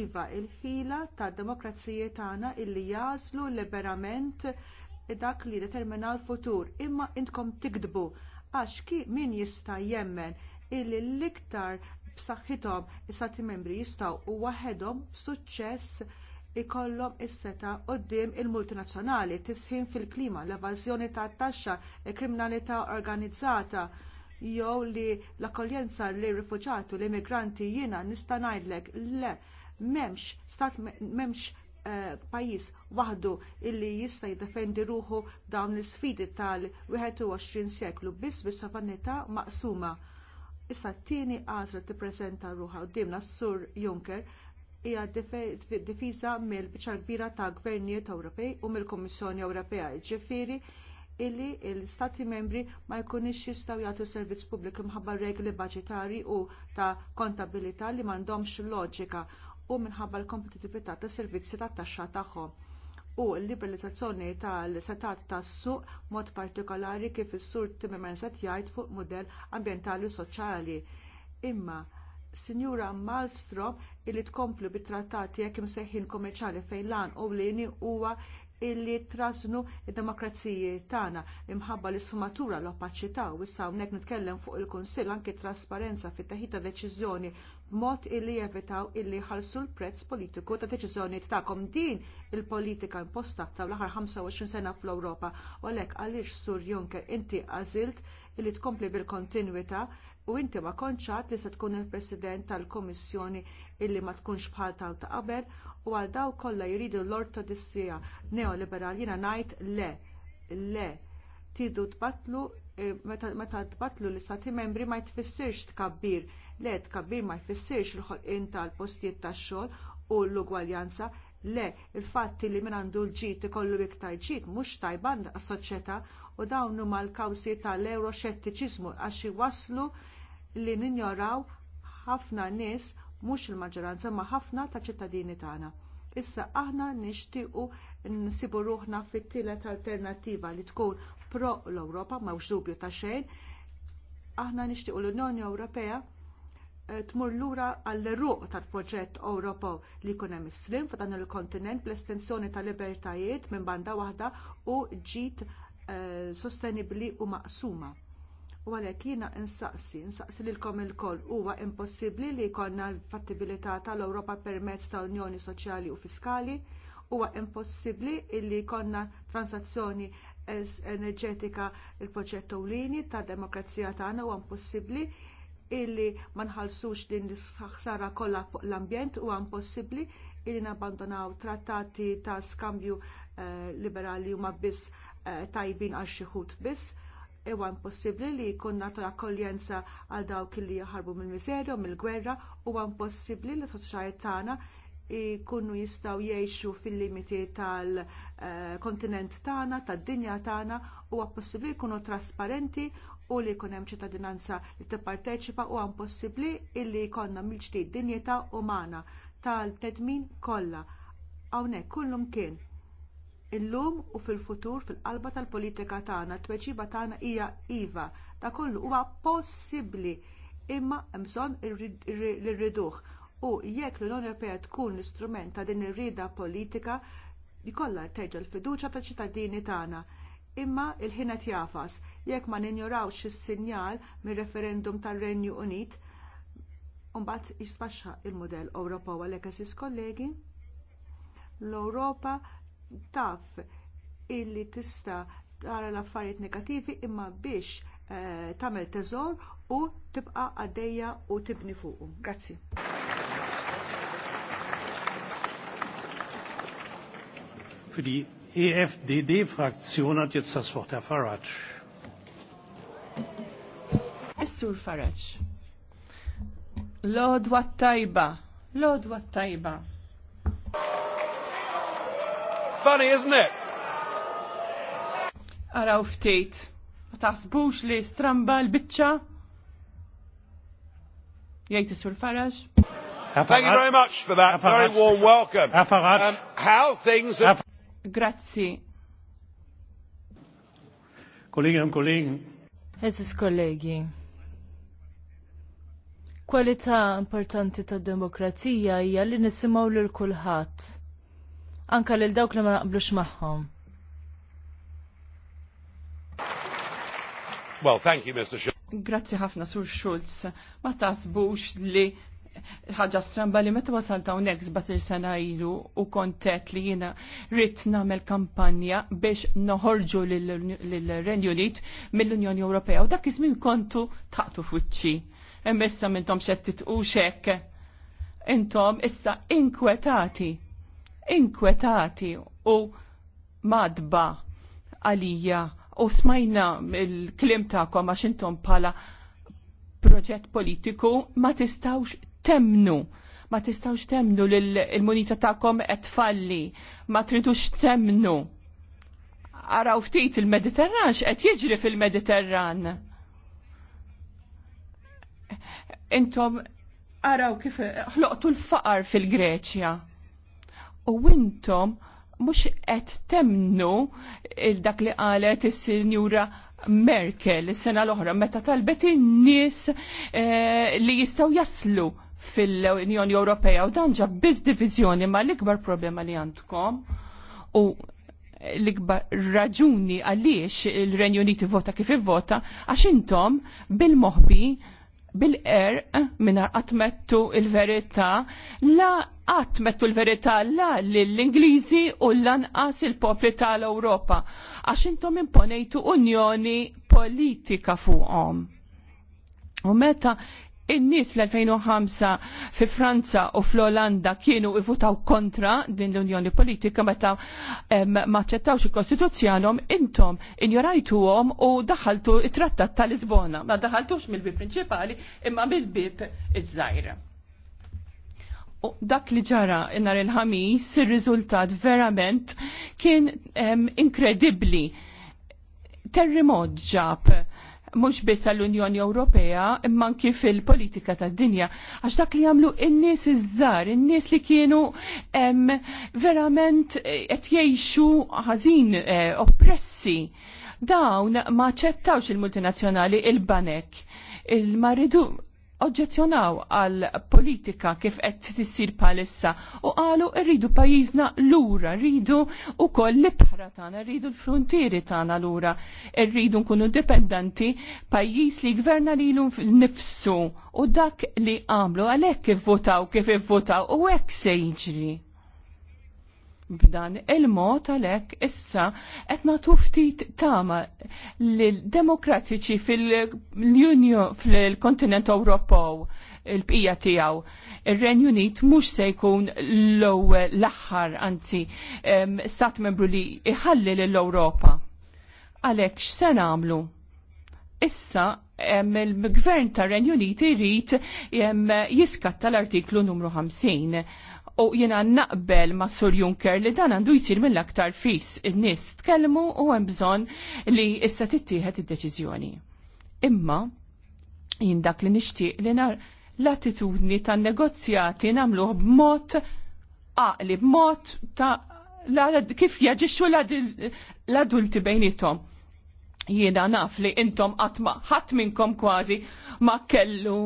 iva il-ħila tad demokrazijiet tagħna illi jażlu liberament dak li determina l-futur, imma intkom tikdbu għax ki min jista jemmen illi l-iktar b'saħħithom is-stati membri jistgħu u waħedhom b'suċċess ikollhom is-seta' quddiem il-multinazzjonali tisħin fil-klima, l-evażjoni tat-taxxa, il-kriminalità organizzata jew li l-akkoljenza lir rifuġati u l-immigranti jiena nista' ngħidlek le m'hemmx stat m'hemmx Eh, pajjiż waħdu illi jista' jiddefendi ruħu dawn l-isfidi tal-21 seklu biss bis savanità maqsuma. Issa t-tieni għażra tippreżenta ruħha qudiemna s-Sur Juncker hija difiża mill-biċċa kbira ta' gvernijiet Ewropej u mill-Kummissjoni Ewropea, ġifieri illi l-Stati membri ma jkunux jistgħu jagħtu servizz pubbliku mħabba regli baġitarji u ta' kontabilità li m'għandhomx loġika u minħabba l-kompetitività tas servizzi tat-taxxa tagħhom u l-liberalizzazzjoni tal-setat tas-suq mod partikolari kif is-sur Timmermans set jgħid fuq mudell ambjentali u soċjali. Imma Sinjura Malmstrom illi tkomplu bit-trattati jekk imsejħin kummerċjali fejn lan u lini huwa illi trasnu d demokraziji tagħna imħabba l-isfumatura l-opaċità u issa hawnhekk nitkellem fuq il-Kunsill anke t trasparenza fit taħita deċiżjoni b'mod illi jevitaw illi ħalsu l-prezz politiku ta' deċiżjonijiet tagħkom din il-politika imposta ta' l-aħħar 25 sena fl-Ewropa u għalhekk għaliex Sur Juncker inti għażilt illi tkompli bil-kontinwità u inti ma konċat li se tkun il-President tal-Komissjoni illi ma tkunx bħal tal ta' qabel u għal daw kollha jridu l-ortodissija neoliberal jiena ngħid le le tidu tbatlu e, meta tbatlu li stati membri ma jtfissirx tkabbir le tkabbir ma jfissirx il-ħolqien tal-postijiet tax-xogħol u l-ugwaljanza Le, il-fatti li minn għandu l-ġit ikollu iktar ġid mhux tajban għas-soċjetà u dawn huma l-kawżi tal-euroxettiċiżmu għax waslu li ninjoraw ħafna nies mhux il-maġġoranza ma ħafna ta' ċittadini tagħna. Issa aħna nixtiequ nsibu ruħna fit-tielet alternattiva li tkun pro l-Ewropa m'hawnx dubju ta' xejn. Aħna nixtiequ l-Unjoni Ewropea eh, tmur lura għall-ruq tal-proġett Ewropew li jkun hemm is islim f'dan il-kontinent bl-estensjoni ta' libertajiet minn banda waħda u ġid eh, sostenibbli u maqsuma. U għalhekk jiena insaqsi, insaqsi lilkom ilkoll huwa impossibbli li jkollna l-fattibilità tal-Ewropa permezz ta' Unjoni Soċjali u Fiskali, huwa impossibbli li jkollna transazzjoni enerġetika il-proġett ewlieni tad demokrazija tagħna huwa impossibbli illi ma nħallsux din l-ħsara kollha fuq l-ambjent huwa impossibbli illi nabbandonaw trattati ta' skambju eh, liberali huma biss eh, tajbin għal xi ħud biss ewa impossibbli li jkun nagħtu akkoljenza għal dawk li jħarbu mill-miserja u mill-gwerra huwa impossibbli li soċjetajiet tagħna jkunu jistgħu jgħixu fil-limiti tal-kontinent eh, tagħna, tad-dinja tagħna, huwa possibbli jkunu trasparenti u li jkun hemm ċittadinanza li tipparteċipa huwa impossibbli illi jkollna mill-ġdid dinjità umana tal-bnedmin kollha. Hawnhekk kullum kien illum u fil-futur fil-qalba tal-politika tagħna t-tweġiba tagħna hija iva. Ta' kollu huwa possibbli imma bżonn irriduh. U jekk l-Unjoni Ewropea tkun l-istrument ta' din ir-rieda politika, jkollha terġa' l-fiduċja tal-ċittadini tagħna imma il-ħin qed jafas jekk ma ninjorawx is-sinjal mir-referendum tar-Renju Unit mbagħad jisfaxxa l mudell Ewropew għalhekk eżis kollegi. L-Ewropa taf illi tista tara l-affarijiet negattivi imma biex eh, tagħmel teżor u tibqa għaddejja u tibni fuqu. Grazzi. Für die EFDD-Fraktion hat jetzt das Wort Herr Farage. Mr. Farage. Lord Wattaiba, Lord Wattaiba, Funny, isn't it? Araw ftit. Ma taħsbux li stramba l-bicċa? Jgħid isur Faraġ? Thank you very much for that. Very warm welcome. Um, how things have... Grazzi. Kollegi u kollegi. Eżis kollegi. Kwalità importanti ta' demokrazija hija li nisimgħu lil kulħadd anka lil dawk li ma naqblux magħhom. Well, thank you, Mr. Schultz. Grazzi ħafna, Sur Schultz. Ma tasbux li ħaġa stramba li meta wasalt hawnhekk żbatil sena ilu u kontet li jiena rrid nagħmel kampanja biex noħorġu l renju Unit mill-Unjoni Ewropea u dak iż kontu taqtu f'wiċċi. Hemm issa minnhom xettit u hekk. Intom issa inkwetati inkwetati u madba għalija u smajna il-klim ta'kom għax intom pala proġett politiku ma tistawx temnu ma tistawx temnu l-munita ta'kom qed falli, ma tridux temnu. Araw ftit il-Mediterran qed jiġri fil-Mediterran. Intom araw kif ħloqtu l-faqar fil-Greċja u intom mhux qed temnu il-dak li qalet is-Sinjura Merkel is-sena l-oħra meta talbet in-nies eh, li jistgħu jaslu fil-Unjoni Ewropea u dan ġab biss diviżjoni ma l-ikbar problema li għandkom u l-ikbar raġuni għaliex il-Renju Uniti vota kif ivvota għax intom bil-moħbi bil er minar għatmettu il-verita la għatmettu il-verita la l-Ingliżi u anqas il-popli tal-Europa għax intom imponejtu unjoni politika fuqhom. U meta in-nies fl-2005 fi Franza u fl-Olanda kienu ivutaw kontra din l-Unjoni Politika meta maċċettawx il-Kostituzzjonhom intom injorajtuhom u daħaltu it-Trattat ta' Lisbona. Ma daħaltux mill-bib prinċipali imma mill-bib iż-żgħir. U dak li ġara n-nar il-ħamis, ir-riżultat verament kien inkredibbli. Terremot ġab mhux biss tal-Unjoni Ewropea, imma kif il-politika tad-dinja, għax dak li jagħmlu in-nies iż-żar, in-nies li kienu verament eh, qed jgħixu ħażin eh, oppressi. Dawn ma ċettawx il-multinazzjonali il-banek. Il-maridu oġġezzjonaw għal politika kif qed tissir palissa u qalu rridu pajjiżna lura, rridu wkoll l-ibħra tagħna, rridu l-fruntieri tagħna lura, rridu nkunu dipendenti pajjiż li gverna lilu nifsu u dak li għamlu għalhekk ivvotaw kif ivvotaw u hekk se jiġri b'dan il-mod għalhekk issa qed nagħtu ftit tama lill demokratiċi fil-Union fil-kontinent Ewropew il-bqija tiegħu. Ir-Renju Unit mhux se jkun l-ewwel l-aħħar anzi stat membru li iħalli lill-Ewropa. Għalhekk x'se nagħmlu? Issa il-gvern tar-Renju Unit irid jiskatta l-artiklu numru 50 u jiena naqbel ma' Sur Juncker li dan għandu jisir mill-aktar fis in-nies tkellmu u hemm bżonn li issa tittieħed id-deċiżjoni. Imma jien dak li nixtieq li nar l-attitudni tan-negozjati nagħmluh b'mod aqli b'mod ta' kif jaġixxu l-adulti bejnitom. Jiena naf li intom għatma ħadd minnkom kważi ma kellu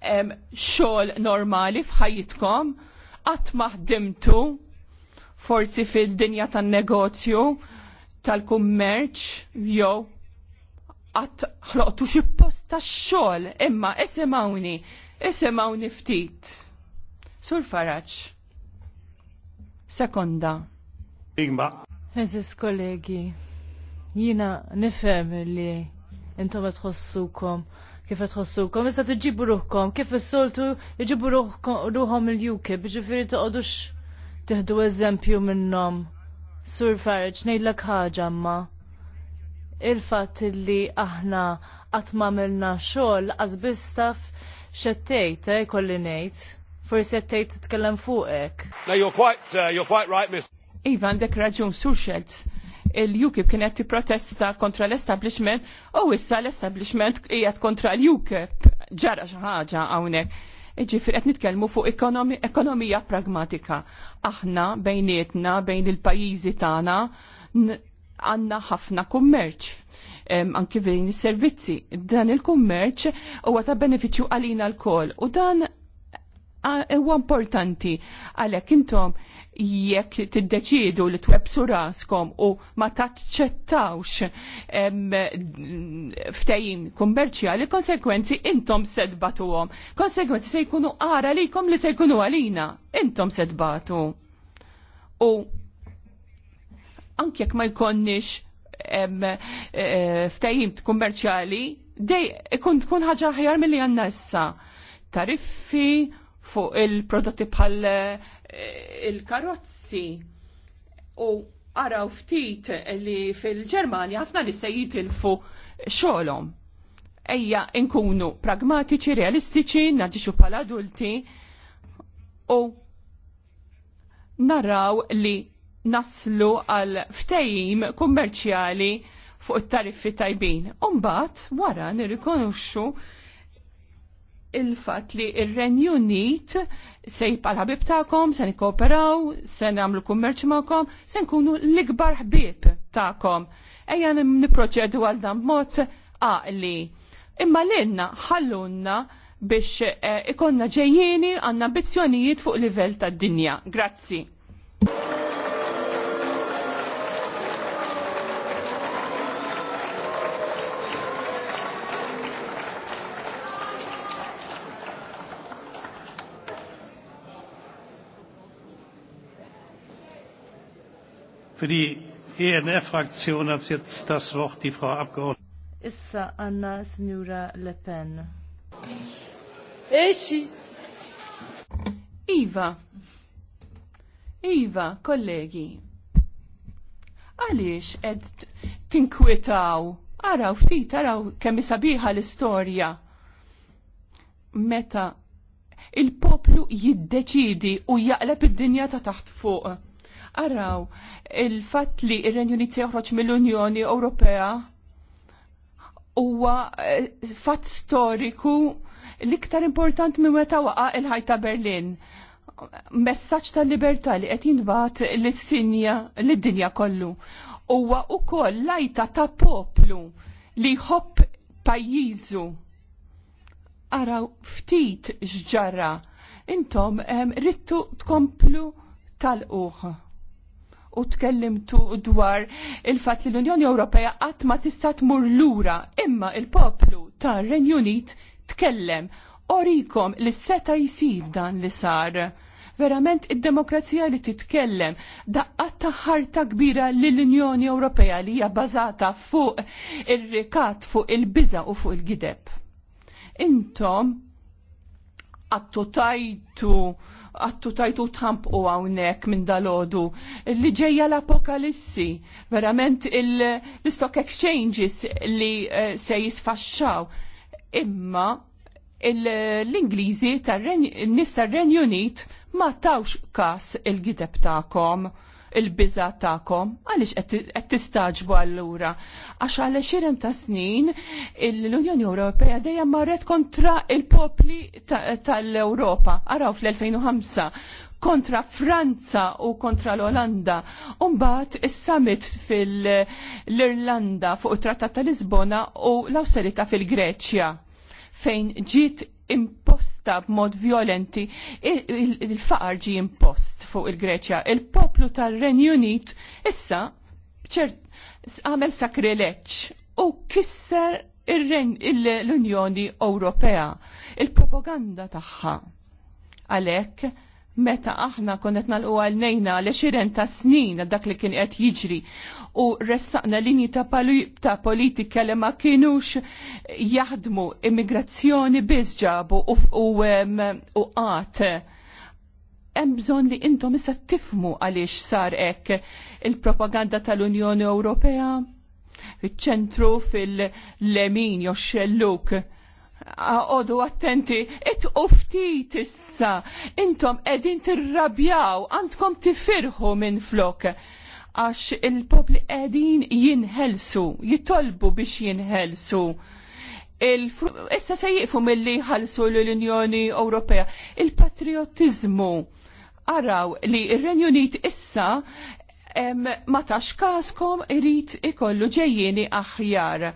xogħol normali f'ħajjitkom qatt maħdimtu forsi fil-dinja tan-negozju tal-kummerċ jew qatt ħloqtu xi post tax-xogħol imma isimgħuni isimgħuni ftit. Sur Faraġ. Sekonda. Igma. Eżis kollegi, jina nifhem li intom tħossukom kif tħossukom, issa tġibu ruħkom, kif is-soltu jġibu ruhom il-UKIP, ġifiri toqodux tiħdu eżempju minnom. Sur Farage, ngħidlek ħaġa ma. Il-fatt li aħna qatt m'għamilna xogħol għażbis taf xettejt, eh, kolli ngħid. Forsi qed tgħid tkellem fuq hekk. No, you're quite, uh, you're quite right, Miss. Ivan, għandek raġun, Sur il-UKIP kienet tipprotesta kontra l-establishment u issa l-establishment qiegħed kontra l-UKIP ġara xi ħaġa hawnhekk. Ġifir qed nitkellmu fuq ekonomija pragmatika. Aħna bejnietna bejn il-pajjiżi tagħna għandna ħafna kummerċ anki bejn is-servizzi. Dan il-kummerċ huwa ta' benefiċċju għalina l-kol u dan huwa importanti għalhekk intom jekk tiddeċidu li twebsu raskom u ma taċċettawx ftejim kummerċjali, konsekwenzi intom għom. Konsekwenzi se jkunu għara likom li se jkunu għalina. Intom sedbatu. U anke jekk ma jkonniex e, e, ftejim kummerċjali, dej ikun tkun ħaġa ħjar mill-li għanna Tariffi, fuq il-prodotti bħal eh, il-karozzi. U araw ftit li fil-Ġermanja ħafna li se jitilfu xolom. Ejja inkunu pragmatiċi, realistiċi, naġiċu bħal adulti u naraw li naslu għal ftejim kummerċjali fuq it-tariffi tajbin. Umbat, wara nirrikonoxxu il-fat li il-Renju Unit se l ħabib ta'kom, se nikoperaw, se namlu kummerċ ma'kom, se nkunu l-ikbar ħbib ta'kom. Ejja niproċedu għal dan mod għaqli. Imma l-inna ħallunna biex eh, ikonna ġejjeni għanna ambizjonijiet fuq livell tad-dinja. Grazzi. Für die ENF-Fraktion hat jetzt das Wort die Frau Abgeordnete. Issa Anna Signora Le Pen. Eċi. Eh, iva. Iva, kollegi. Għaliex ed tinkwitaw? Araw ftit, araw kemm sabiħa l-istorja. Meta il-poplu jiddeċidi u jaqleb id-dinja ta' taħt fuq Araw, il-fatt li il renju Unit se joħroġ mill-Unjoni Ewropea huwa eh, fatt storiku l-iktar important minn meta waqa' il-ħajta Berlin. Messaġġ ta' libertà li qed jinbat l sinja lid-dinja kollu. Huwa wkoll lajta ta' poplu li jħobb pajjiżu. Araw ftit x'ġarra intom rittu tkomplu tal-uħ u tkellimtu dwar il-fat li l-Unjoni Ewropea qatt ma tista' tmur lura imma il-poplu tar-Renju Unit tkellem orikom li seta jisib dan li sar. Verament id-demokrazija li titkellem daqqat ta' ħarta kbira lill-Unjoni Ewropea li hija bażata fuq ir-rikat fuq il-biża u fuq il-gideb. Intom attotajtu tajtu għattu tajtu tamp u għawnek minn dalodu li ġeja l-apokalissi verament l-stock exchanges li eh, se jisfaxxaw imma l-Ingliżi tar tar-Renju Unit ma tawx kas il-gideb ta'kom il-biża tagħkom, għaliex qed tistaġbu allura. Għax għal xirin ta' snin l-Unjoni Ewropea dejjem marret kontra il-popli tal-Ewropa. Araw fl-2005 kontra Franza u kontra l-Olanda. Umbat is-summit fil-Irlanda fuq it-Trattat tal Lisbona u l-Awsterita fil-Greċja fejn ġiet imposta b'mod violenti il-faqar ġi impost fuq il-Greċja. Il-poplu tal-Renju Unit issa ċert għamel sakrileċ u kisser l-Unjoni Ewropea. Il-propaganda tagħha. Għalhekk meta aħna konnet nalqu għalnejna l xiren ta' snin dak li kien qed jiġri u ressaqna linji ta', ta politika li ma kienux jaħdmu immigrazzjoni bizġabu u, u, u, u, qat. Hemm bżonn li intom issa tifmu għaliex sar hekk il-propaganda tal-Unjoni Ewropea, fiċ-ċentru fil-lemin jew xelluk għodu attenti, it uftit issa, intom edin tirrabjaw, għandkom tifirħu minn flok, għax il-popli edin jinħelsu, jitolbu biex jinħelsu. Issa se jifu mill-li ħalsu l-Unjoni Ewropea. Il-patriotizmu, araw li il-Renju Unit issa ma tax kaskom irrit ikollu ġejjeni aħjar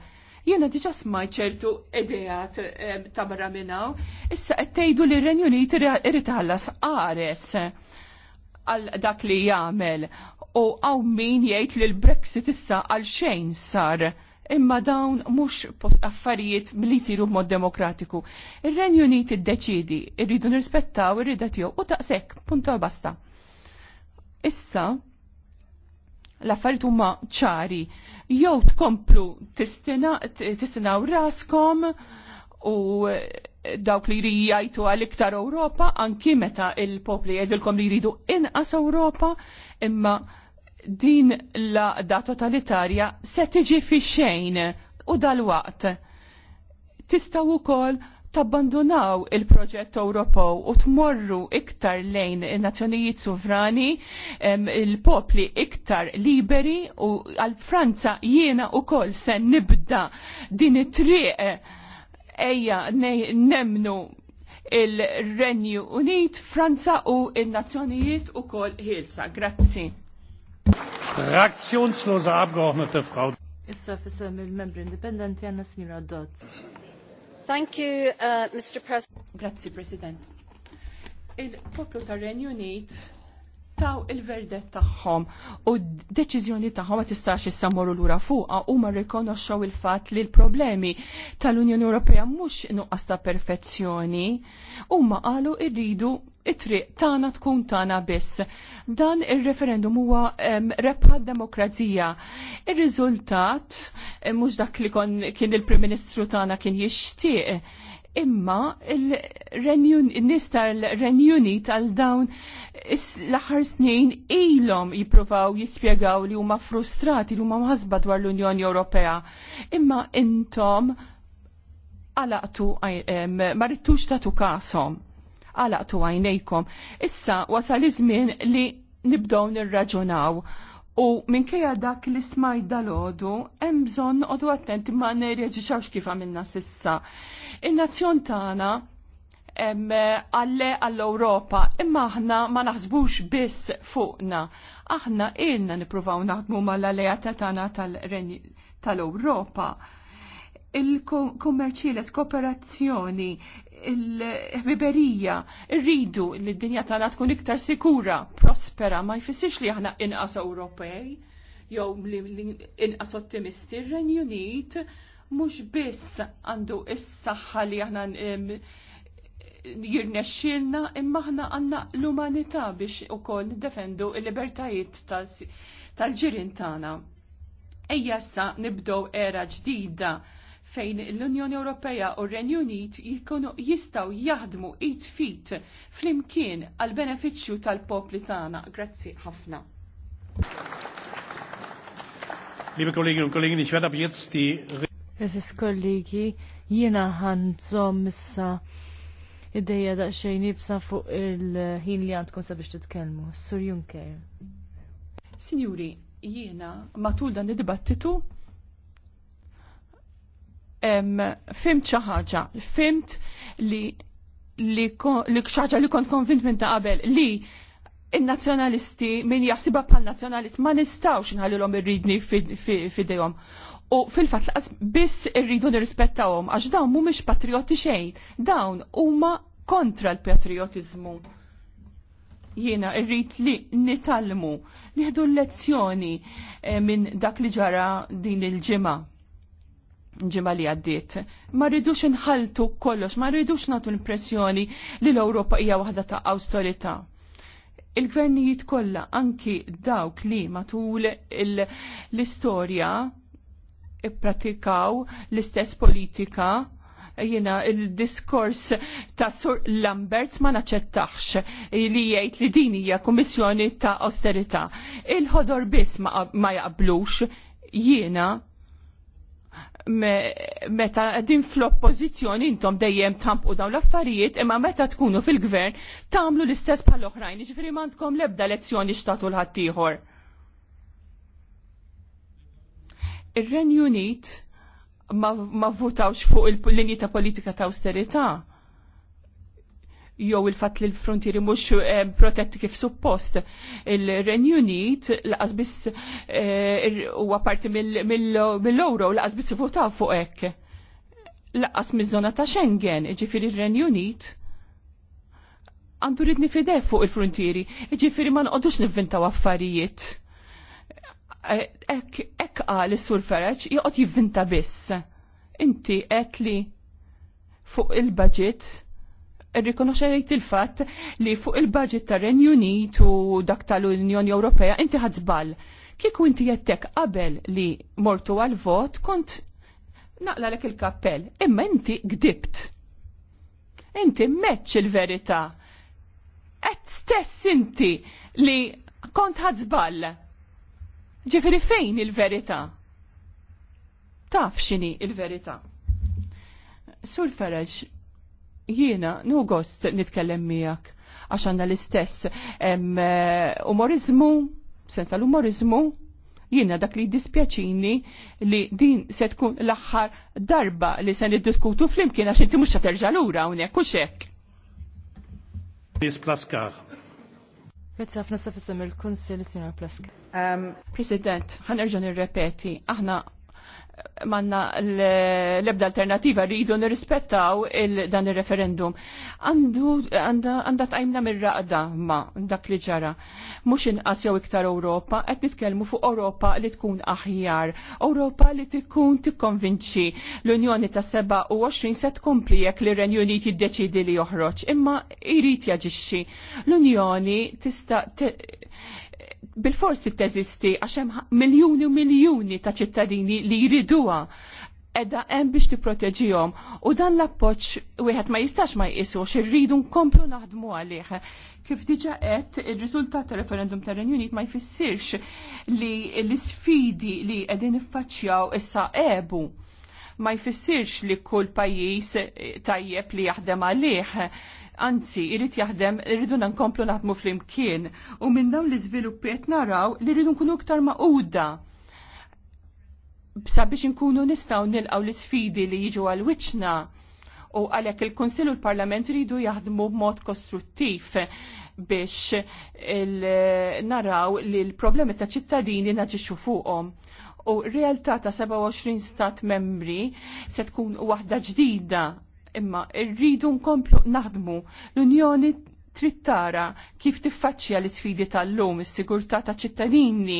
Jena diġa smaj ċertu idejat ta' barra minnaw, issa qed tgħidu li r-Renju Unit irid għares għal dak li jagħmel u għaw min jgħid li l-Brexit issa għal xejn sar imma dawn mhux affarijiet milli jsiru b'mod demokratiku. Ir-Renju id-deċidi, irridu nirrispettaw ir-rida tiegħu u taqsek, punta basta. Issa l-affarijiet huma ċari jew tkomplu tistinaw raskom u dawk li jgħajtu għal iktar Ewropa, anki meta il-popli jgħidilkom li jridu inqas Ewropa, imma din la da totalitarja se tiġi fi xejn u dal-waqt. Tistaw ukoll tabbandunaw il-proġett Ewropew u tmorru iktar lejn nazzjonijiet sovrani, il-popli iktar liberi u għal Franza jiena u kol se nibda din it-triq ejja nemnu il-Renju Unit, Franza u il-Nazzjonijiet u kol Hilsa. Grazzi. Fraktionslose Abgeordnete Frau. Issa fissa il-membri indipendenti għanna signora Dodd. Thank you, uh, Mr. President. Grazie, President. Il-poplu tar-Renju Unit taw il-verdet tagħhom u d-deċiżjoni tagħhom ma tistax issa morru lura fuqha huma rrikonoxxew il-fatt li l-problemi tal-Unjoni Ewropea mhux nuqqas ta' perfezzjoni huma qalu rridu it-triq tagħna tkun tagħna biss. Dan ir-referendum huwa rebħa demokrazija. Ir-riżultat mhux dak li kien il-Prim Ministru tagħna kien jixtieq imma il-nis tal-renjuni tal-dawn l-aħħar snin ilhom jippruvaw jispjegaw li huma frustrati li huma mħasba dwar l-Unjoni Ewropea. Imma intom għalaqtu ma rittux tagħtu kasom għalaqtu għajnejkom. Issa wasal iż-żmien li nibdow nirraġunaw U minkejja dak li smajt dal-ħodu, emżon għodu attenti ma nereġiċawx kif għamilna sissa. Il-nazzjon tagħna għalle għall-Europa, imma aħna ma naħsbux biss fuqna. Aħna ilna nipruvaw naħdmu mal għalleja tagħna tal-Europa. Tal europa il il l kooperazzjoni il-ħbiberija, irridu li d-dinja tagħna tkun iktar sikura, prospera, ma jfissirx li aħna inqas Ewropej, jew li inqas ottimisti, ir-Renju Unit mhux biss għandu is-saħħa li aħna jirnexxilna imma aħna għandna l-umanità biex ukoll niddefendu l-libertajiet tal-ġirien tagħna. Ejja sa nibdow era ġdida fejn l-Unjoni Ewropea u r-Renju Unit jikunu jistaw jaħdmu it fit flimkien għal beneficju tal-popli tagħna. Grazzi ħafna. Liebe Kolleginnen und Kollegen, ich werde ab jetzt die Eżis kollegi, jiena ħanżom issa id-dejja daqxejn ibsa fuq il-ħin li għandkom sabiex titkellmu. Sur Juncker. Signori, jiena matul dan id-dibattitu fimt xi ħaġa, fimt li li li kont konvint minn ta' qabel li il-nazjonalisti min jaħsiba pal nazjonalist ma nistawx nħallilhom irridni fidejhom. U fil-fatt laqas biss irridu nirrispettawhom għax dawn mhumiex patrioti xejn, dawn huma kontra l-patriotizmu. Jiena irrid li nitalmu, nieħdu l-lezzjoni eh, minn dak li ġara din il-ġimgħa ġimma li għaddiet. Ma rridux nħaltu kollox, ma rridux natu l-impressjoni li l-Ewropa hija waħda ta' awtorità. Il-gvernijiet kollha anki dawk li matul l-istorja ippratikaw l-istess politika Jiena il-diskors ta' Sur Lamberts ma naċċettax li jgħid li din hija kummissjoni ta' austerità. Il-ħodor biss ma jaqblux jiena meta din fl-oppożizzjoni intom dejjem tampqu dawn l-affarijiet imma meta tkunu fil-gvern tagħmlu l-istess pal oħrajn jiġifieri m'għandkom l-ebda lezzjoni xtatu l ħattijħor Ir-Renju Unit ma, ma votawx fuq il-linji ta' politika ta' austerità jew il-fatt li l-frontieri mhux eh, protetti kif suppost. Il-Renew Unit laqas biss eh, huwa parti mill-Euro laqas biss votaw fuq hekk. Laqas miż-żona ta' Schengen, ġifieri ir-Renew Unit għandu ridni fideh fuq il-frontieri, ġifieri ma nqodux nivvintaw affarijiet. Eh, ek, ek għal sur Faraċ joqgħod jivvinta biss. Inti qed li fuq il-budget rikonoxerejt il-fatt li fuq il-budget ta' Renju Unit u dak tal-Unjoni Ewropea inti ħadżbal. Kieku inti jettek qabel li mortu għal-vot kont naqla lek il-kappell, imma inti gdibt. Inti meċ il-verita. Et stess inti li kont ħadżbal. Ġifiri fejn il-verita? Taf xini il-verita. Sur Farage, jiena nu gost nitkellem miegħek għax għandna l-istess umorizmu, sens tal-umorizmu, jiena dak li dispjaċini li din se tkun l-aħħar darba li se niddiskutu flimkien għax inti mhux se terġa' lura hawnhekk u xekk. Miss Plaskar. Rizza f'nasa il-Kunsil, Plaskar. President, ħanerġa' nirrepeti, aħna manna l-ebda alternativa rridu nirrispettaw dan il-referendum. Għandat għajmna mir-raqda ma dak li ġara. Mux inqas jew iktar Ewropa, qed nitkellmu fuq Ewropa li tkun aħjar, Ewropa li tkun tikkonvinċi l-Unjoni ta' 27 se tkompli jekk li Renju Unit deċidi li joħroġ, imma jrid jaġixxi. L-Unjoni tista' bil-forsi teżisti għax hemm miljuni u miljuni ta' ċittadini li jriduha edha hemm biex tipproteġihom u dan l-appoġġ wieħed ma jistax ma jqisux irridu nkomplu naħdmu għalih. Kif diġa qed ir-riżultat ta' referendum tar-Renju Unit ma jfissirx li l-isfidi li qegħdin iffaċċjaw issa ebu ma jfissirx li kull pajjiż tajjeb li jaħdem għalih anzi irrid jaħdem irridu nkomplu naħdmu flimkien u minn dawn l iżviluppiet qed naraw li rridu nkunu iktar maquda sabiex inkunu nistgħu nilqgħu l-isfidi li jiġu għal wiċċna u għalhekk il-Kunsill u l-Parlament rridu jaħdmu b'mod kostruttiv biex naraw li l-problemi ta' ċittadini naġixxu fuqhom u r-realtà ta' 27 stat membri se tkun waħda ġdida imma rridu nkomplu naħdmu l-Unjoni Trittara kif tiffaċċja l-isfidi tal-lum, is-sigurtà ta' ċittadini,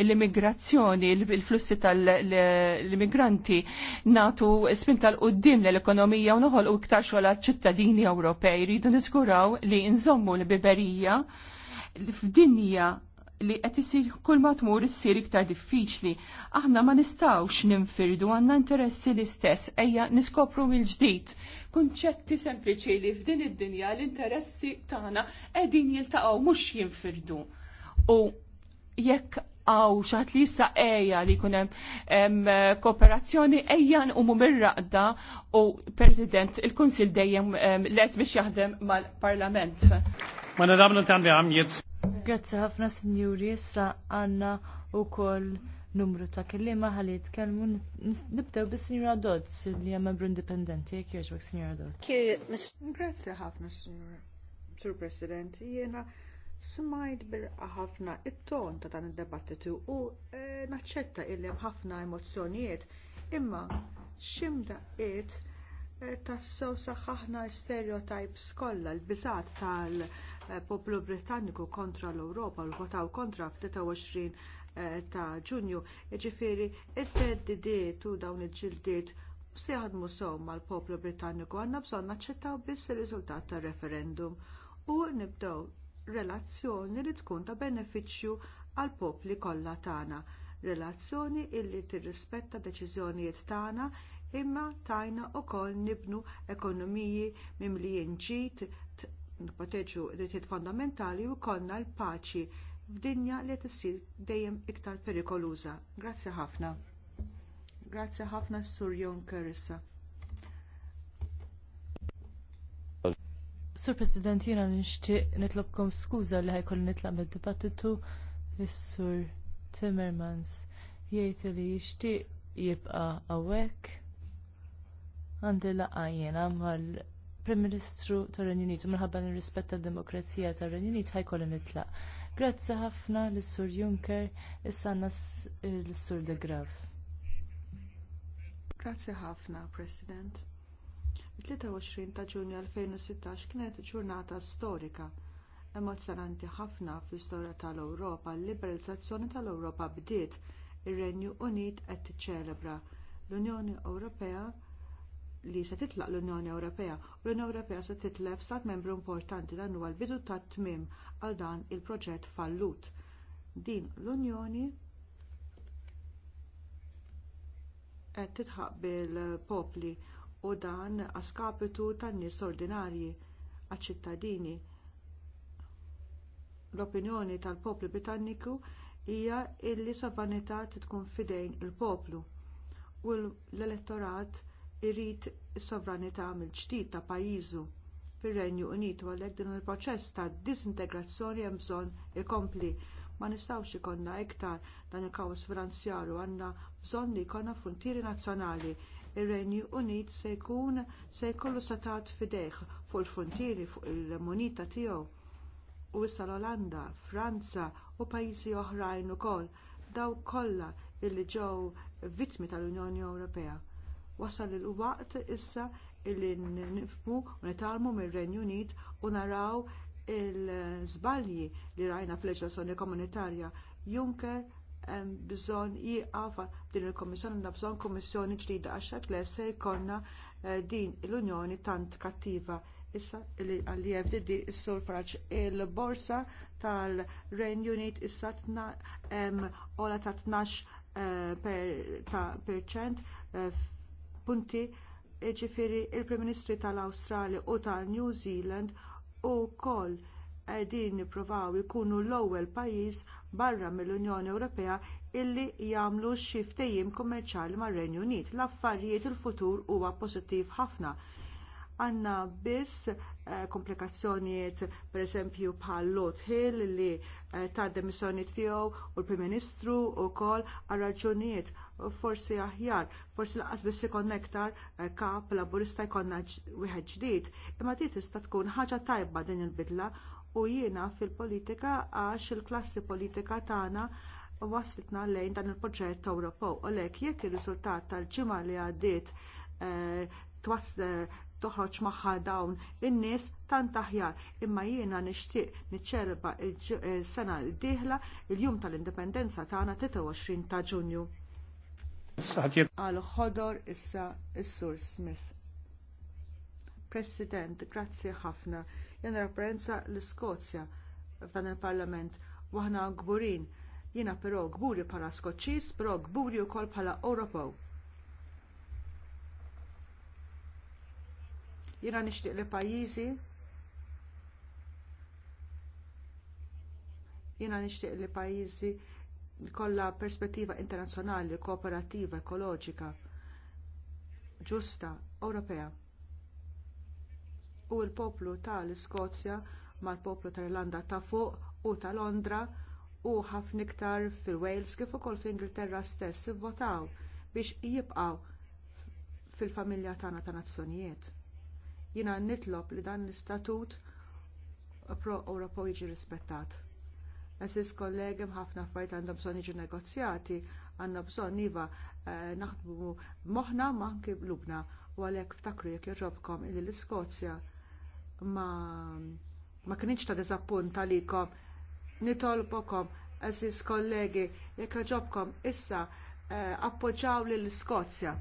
l-immigrazzjoni, l-flussi tal-immigranti natu spinta tal qoddim l-ekonomija u noħol u iktar xogħol ċittadini Ewropej. Rridu niżguraw li nżommu l-biberija f'dinja li qed isir kull ma tmur issir iktar diffiċli. Aħna ma nistgħux ninfirdu għandna interessi l-istess ejja niskopru mill-ġdid. Kunċetti sempliċi li f'din id-dinja l-interessi tagħna qegħdin jiltaqgħu mhux jinfirdu. U jekk għaw xaħt li jissa eja li kunem kooperazzjoni ejjan u mumirraqda u President il-Kunsil dejjem les biex jaħdem mal-Parlament. Mana Damen und Herren, wir haben Grazzi ħafna sinjuri, issa għandna wkoll numru ta' kelliema ħalli jitkellmu. Nibdew bis-Sinjura Dodds li hija membru indipendenti, jekk jogħġbok Sinjura Dodds. Grazzi ħafna Sinjura Sur President, jiena smajt birqa ħafna it-ton ta' dan id-debattitu u eh, naċċetta illi hemm ħafna emozzjonijiet imma ximdaqiet eh, tassew saħħaħna stereotypes kollha l-biżat tal- poplu Britanniku kontra l-Ewropa u votaw kontra f-23 eh, ta' ġunju. Ġifiri, it-teddidiet u dawn il-ġildiet se jaħdmu sew mal-poplu Britanniku għandna bżonn naċċettaw biss ir-riżultat tar referendum u nibdew relazzjoni li tkun ta' benefiċċju għall popli kollha tagħna. Relazzjoni illi tirrispetta deċiżjonijiet tagħna imma tajna wkoll nibnu ekonomiji mimlijin ġid nipproteġu drittijiet fondamentali u jkollna l-paċi f'dinja li tissir dejjem iktar perikoluża. Grazzi ħafna. Grazzi ħafna Sur Juncker issa. Sur President, jiena nixtieq nitlobkom skuża li ħajkolli nitlaq mid-dibattitu is-Sur Timmermans jgħid li jixtieq jibqa' hawnhekk għandi laqgħa jiena mal Prim Ministru tar-Renju Unit u minħabba nirrispetta d-demokrazija tar-Renju Unit ħajkolli nitlaq. Grazzi ħafna lis sur Juncker, issa nas eh, sur De Graaf. Grazzi ħafna, President. Il-23 ta' ġunju 2016 kienet ġurnata storika emozjonanti ħafna fl-istorja tal-Ewropa, l-liberalizzazzjoni tal-Ewropa bdiet ir-Renju Unit qed tiċċelebra l-Unjoni Ewropea li se titlaq l-Unjoni Ewropea u l-Unjoni Ewropea se titlef stat membru importanti dan huwa l-bidu ta' tmiem għal dan il-proġett fallut. Din l-Unjoni qed titħaq bil-popli u dan għaskapitu tan-nies ordinarji għaċ-ċittadini. L-opinjoni tal-poplu Britanniku hija li sovranità tkun fidejn il-poplu u l-elettorat irrid is-sovranità mill-ġdid ta' pajjiżu fir-Renju Unitu għalhekk din il-proċess ta' disintegrazzjoni hemm bżonn ikompli. Ma nistgħux ikollna iktar dan il-kaos finanzjarju għandna bżonn li jkollna fruntieri nazzjonali. Ir-Renju Unit se jkun se jkollu satat fidejh fuq il-fruntieri fuq il-munita tiegħu. U issa l-Olanda, Franza u pajjiżi oħrajn ukoll daw kollha illi ġew vittmi tal-Unjoni Ewropea Wasal il-waqt issa illi nifmu u nitalmu mir-Renju Unit u naraw il-żbalji li rajna fl-leġlazzjoni komunitarja. Juncker hemm bżonn jieqaf din il-Kommissjoni għandna bżonn Kommissjoni ġdida għax le se jkollna eh, din l-Unjoni tant kattiva. Issa li għal FDD is-sur fraċ il-borsa tal renju Unit issa ola ta' 12 eh, percent eh, punti ġifiri il-Prim Ministri tal-Awstralja u tal-New Zealand ukoll qegħdin jippruvaw ikunu l-ewwel pajjiż barra mill-Unjoni Ewropea illi jagħmlu xi ftehim kummerċjali mar-Renju Unit. L-affarijiet il-futur huwa pożittiv ħafna għanna biss eh, komplikazzjonijiet pereżempju bħal Lot Hill li eh, ta' demissjoni tiegħu u l-Prim Ministru wkoll għal raġunijiet forsi aħjar, forsi laqas biss ikon nektar eh, kap laburista jkollna wieħed ġdid, imma dik tista' tkun ħaġa tajba din il-bidla u jiena fil-politika għax il-klassi politika tagħna waslitna lejn dan il-proġett Ewropew. Olek jekk ir-riżultat tal-ġimgħa li għaddiet twas toħroġ magħha dawn in-nies tant aħjar imma jiena nixtieq niċċerba s-sena d-dieħla il-jum tal-indipendenza tagħna 23 ta' Ġunju. Għal ħodor issa is sur Smith. President, grazzi ħafna. Jena rappreżenza l iskozja f'dan il-Parlament waħna gburin. Jiena però gburi bħala Skoċċiż, però gburi wkoll bħala Ewropew Jiena nixtieq li pajjiżi Jiena nixtieq li pajjiżi kollha perspettiva internazzjonali, kooperattiva, ekoloġika, ġusta, Ewropea. U l-poplu tal-Iskozja mal-poplu tal-Irlanda ta' fuq u ta' Londra u ħafna iktar fil-Wales kif ukoll fl-Ingilterra stess ivvotaw biex jibqgħu fil-familja tagħna ta' nazzjonijiet. Jiena nitlob li dan l-istatut pro-Ewropew jiġi rispettat. Eżis kollegi ħafna affarijiet għandhom bżonn jiġu negozjati, għandna bżonn iva eh, naħdmu moħħna ma anki blubna u għalhekk ftakru jekk jogħġobkom illi l-Iskozja ma ma kienx ta' diżappunt għalikom nitolbokom eżis kollegi jekk jogħġobkom issa eh, appoġġaw lill-Iskozja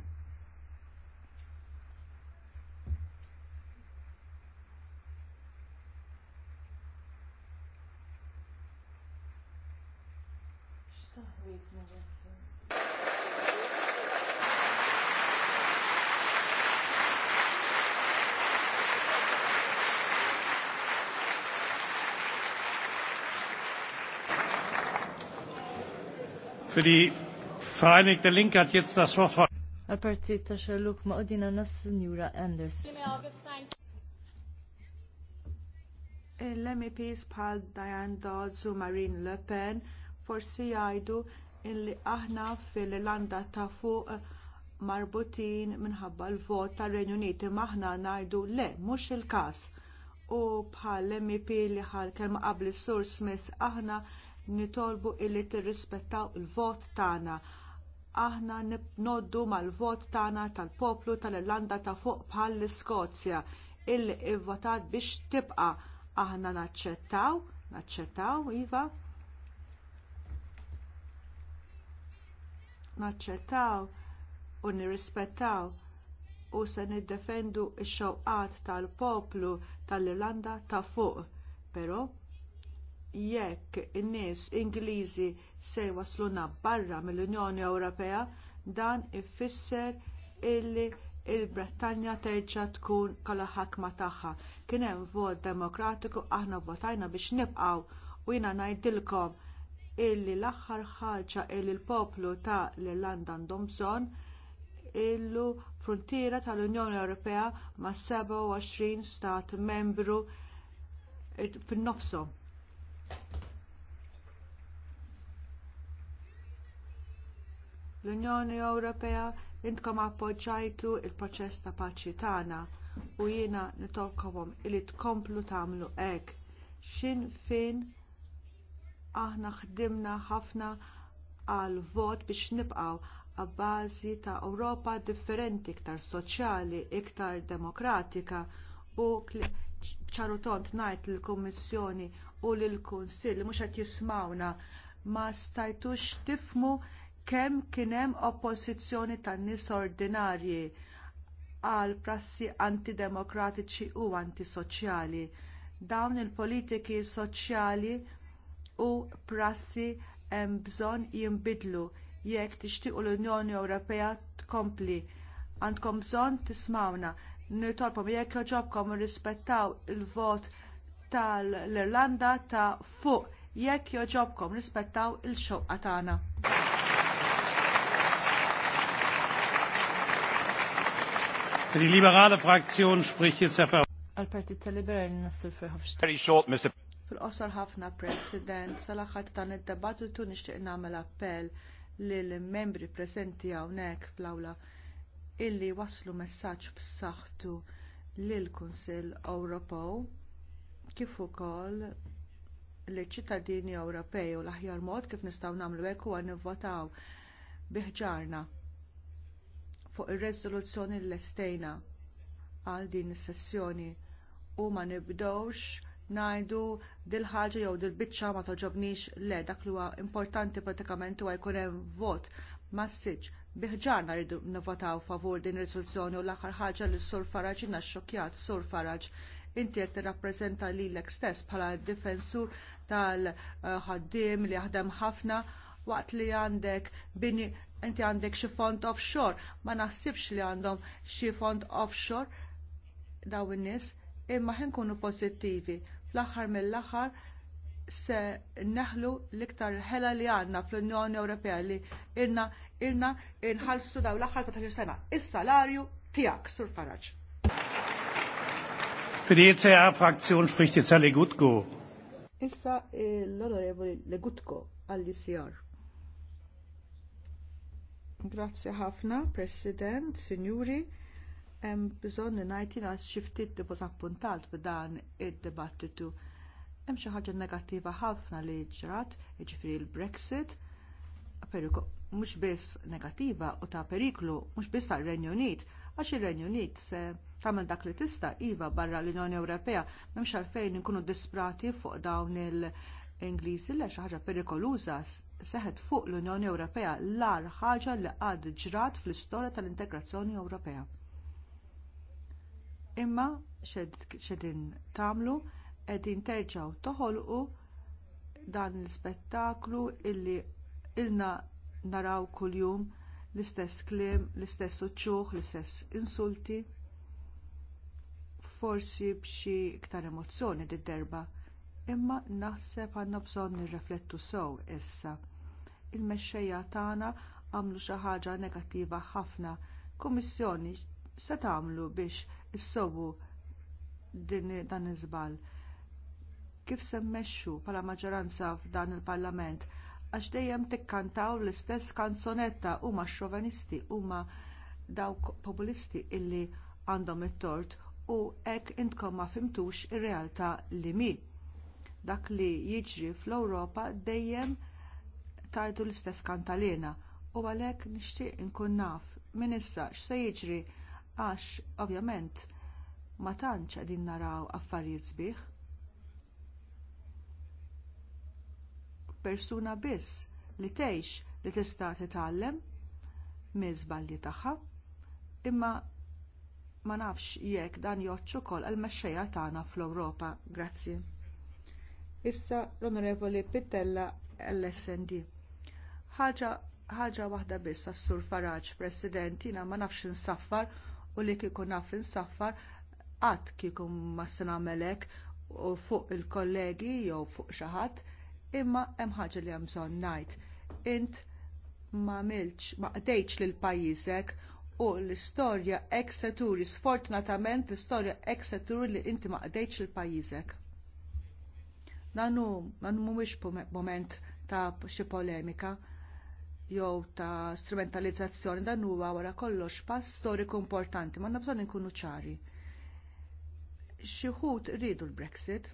Für die Vereinigte Linke hat jetzt das Wort Frau. Għal-partit ta' xerluk ma' odina nas Signora Anders. L-MEPs bħal Diane Dodds u Marine Le Pen forsi jgħidu illi aħna fil-Irlanda ta' fuq marbutin minħabba l-vot tar renju Unit imma aħna ngħidu le mhux il-każ. U bħal MEP li ħal kelma qabli Sur Smith aħna nitolbu illi tirrispettaw il-vot tagħna. Aħna noddu mal-vot tagħna tal-poplu tal-Irlanda ta' fuq bħal l-Iskozja illi ivvotat biex tibqa' aħna naċċettaw, naċċettaw, Iva, naċċettaw u nirrispettaw u se niddefendu x-xewqat tal-poplu tal-Irlanda ta' fuq, però jekk in-nies Ingliżi se jwasluna barra mill-Unjoni Ewropea dan ifisser illi l brettanja terġa' tkun kollha ħakma tagħha. Kien hemm vot demokratiku aħna votajna biex nibqgħu u jiena ngħidilkom illi l-aħħar ħaġa illi l-poplu ta' l-Irlanda għandhom bżonn illu frontiera tal-Unjoni Ewropea ma' 27 stat membru fin-nofshom L-Unjoni Ewropea intkom appoġġajtu l proċess ta' paċi tagħna u jiena nitolkom li tkomplu tagħmlu hekk. X'in fin aħna ħdimna ħafna għal vot biex nibqgħu għabbażi ta' Ewropa differenti, iktar soċjali, iktar demokratika u ċarutont ngħid lill kummissjoni u lill kunsill mhux qed jismawna ma stajtux tifmu kemm kien hemm oppożizzjoni tan nies ordinarji għal prassi antidemokratiċi u antisoċjali. Dawn il-politiki soċjali u prassi hemm bżonn jinbidlu jekk tixtiequ l-Unjoni Ewropea tkompli. Għandkom bżonn tismawna. Nitolbom jekk joġobkom rispettaw il-vot tal-Irlanda ta' fuq jekk joġobkom rispettaw il-xoqqa tagħna. Für die liberale Fraktion spricht jetzt Herr partit tal-Liberali Nassir Very short, Mr. Fil-qosor ħafna, President, sal-axħat dan id tu nixtieq nagħmel appell lil membri presenti hawnhekk fl-awla illi waslu messaġġ b'saħħtu lil kunsill Ewropew kif ukoll liċ ċittadini Ewropej u l-aħjar mod kif nistgħu nagħmlu hekk huwa nivvotaw biħġarna fuq ir-reżoluzzjoni l-estejna għal din is-sessjoni u ma nibdewx ngħidu dil-ħaġa jew dil-biċċa ma toġobnix le dak li huwa importanti pratikament huwa jkun hemm vot massiġġ biħġar rridu nivvotaw favur din ir-riżoluzzjoni u l-aħħar ħaġa li sur Faraġ inna xokjat sur Faraġ inti qed tirrappreżenta lilek stess bħala difensur tal-ħaddiem li jaħdem ħafna waqt li għandek bini inti għandek xi fond offshore, ma naħsibx li għandhom xi fond offshore daw in-nies, imma kunu pożittivi. Fl-aħħar mill-aħħar se neħlu l-iktar ħela li għandna fl-Unjoni Ewropea li ilna ilna inħallsu daw l-aħħar 15 sena. Is-salarju tiegħek, Sur Faraġ. Für die ECR-Fraktion spricht jetzt Herr Legutko. Issa eh, l-Onorevoli Legutko għall-ICR. Grazzi ħafna, President, Sinjuri. Hemm bżonn ngħid jiena xi ftit appuntat b'dan id-dibattitu. Hemm xi ħaġa negattiva ħafna li ġrat, jiġifieri l-Brexit, mhux biss negattiva u ta' periklu, mhux biss tar renju Unit, għax ir-Renju Unit se tagħmel dak li tista' iva barra l-Unjoni Ewropea m'hemmx għalfejn inkunu disprati fuq dawn il-Ingliżi le xi ħaġa perikoluża seħet fuq l-Unjoni Ewropea l-ar ħaġa li għad ġrat fl-istorja tal-integrazzjoni Ewropea. Imma xedin tagħmlu qegħdin terġgħu toħolqu dan l-spettaklu illi ilna naraw kuljum l-istess kliem, l-istess uċċuħ, l-istess insulti, forsi b'xi iktar emozzjoni d-derba imma naħseb għandna bżonn nirreflettu sew issa. Il-mexxejja tagħna għamlu xi ħaġa negattiva ħafna. Kummissjoni se tagħmlu biex issowu dan iż-żball. Kif se mmexxu bħala maġġoranza f'dan il-Parlament għax dejjem tikkantaw l-istess kanzonetta huma xrovenisti huma dawk populisti illi għandhom it-tort u hekk intkom ma fimtux ir-realtà li mi dak li jiġri fl-Ewropa dejjem tajdu l-istess kantalina u għalhekk nixtieq inkun naf minn issa x'se jiġri għax ovvjament ma tantx qegħdin naraw affarijiet sbieħ. Persuna biss li tgħix li tista' titgħallem minn żbalji tagħha, imma ma nafx jekk dan joċċu ukoll għall mexxejja tagħna fl-Ewropa. Grazzi. Issa l-Onorevoli Pittella l-SND. Ħaġa ħaġa waħda biss għas-Sur Faraġ, President, jiena ma nafx insaffar u li kieku naf insaffar qatt kieku ma se nagħmel hekk u fuq il-kollegi jew fuq xi ħadd, imma hemm ħaġa li hemm bżonn ngħid. Int ma milċ, ma qdejtx lil pajjiżek u l-istorja ek seturi, sfortunatament l-istorja ek seturi li inti ma qdejtx lil pajjiżek. Dan mhuwiex mument ta' xi polemika jew ta' strumentalizzazzjoni dan huwa wara kollox pass storiku importanti, ma bżonn inkunu ċari. Xi wħud rridu l-Brexit.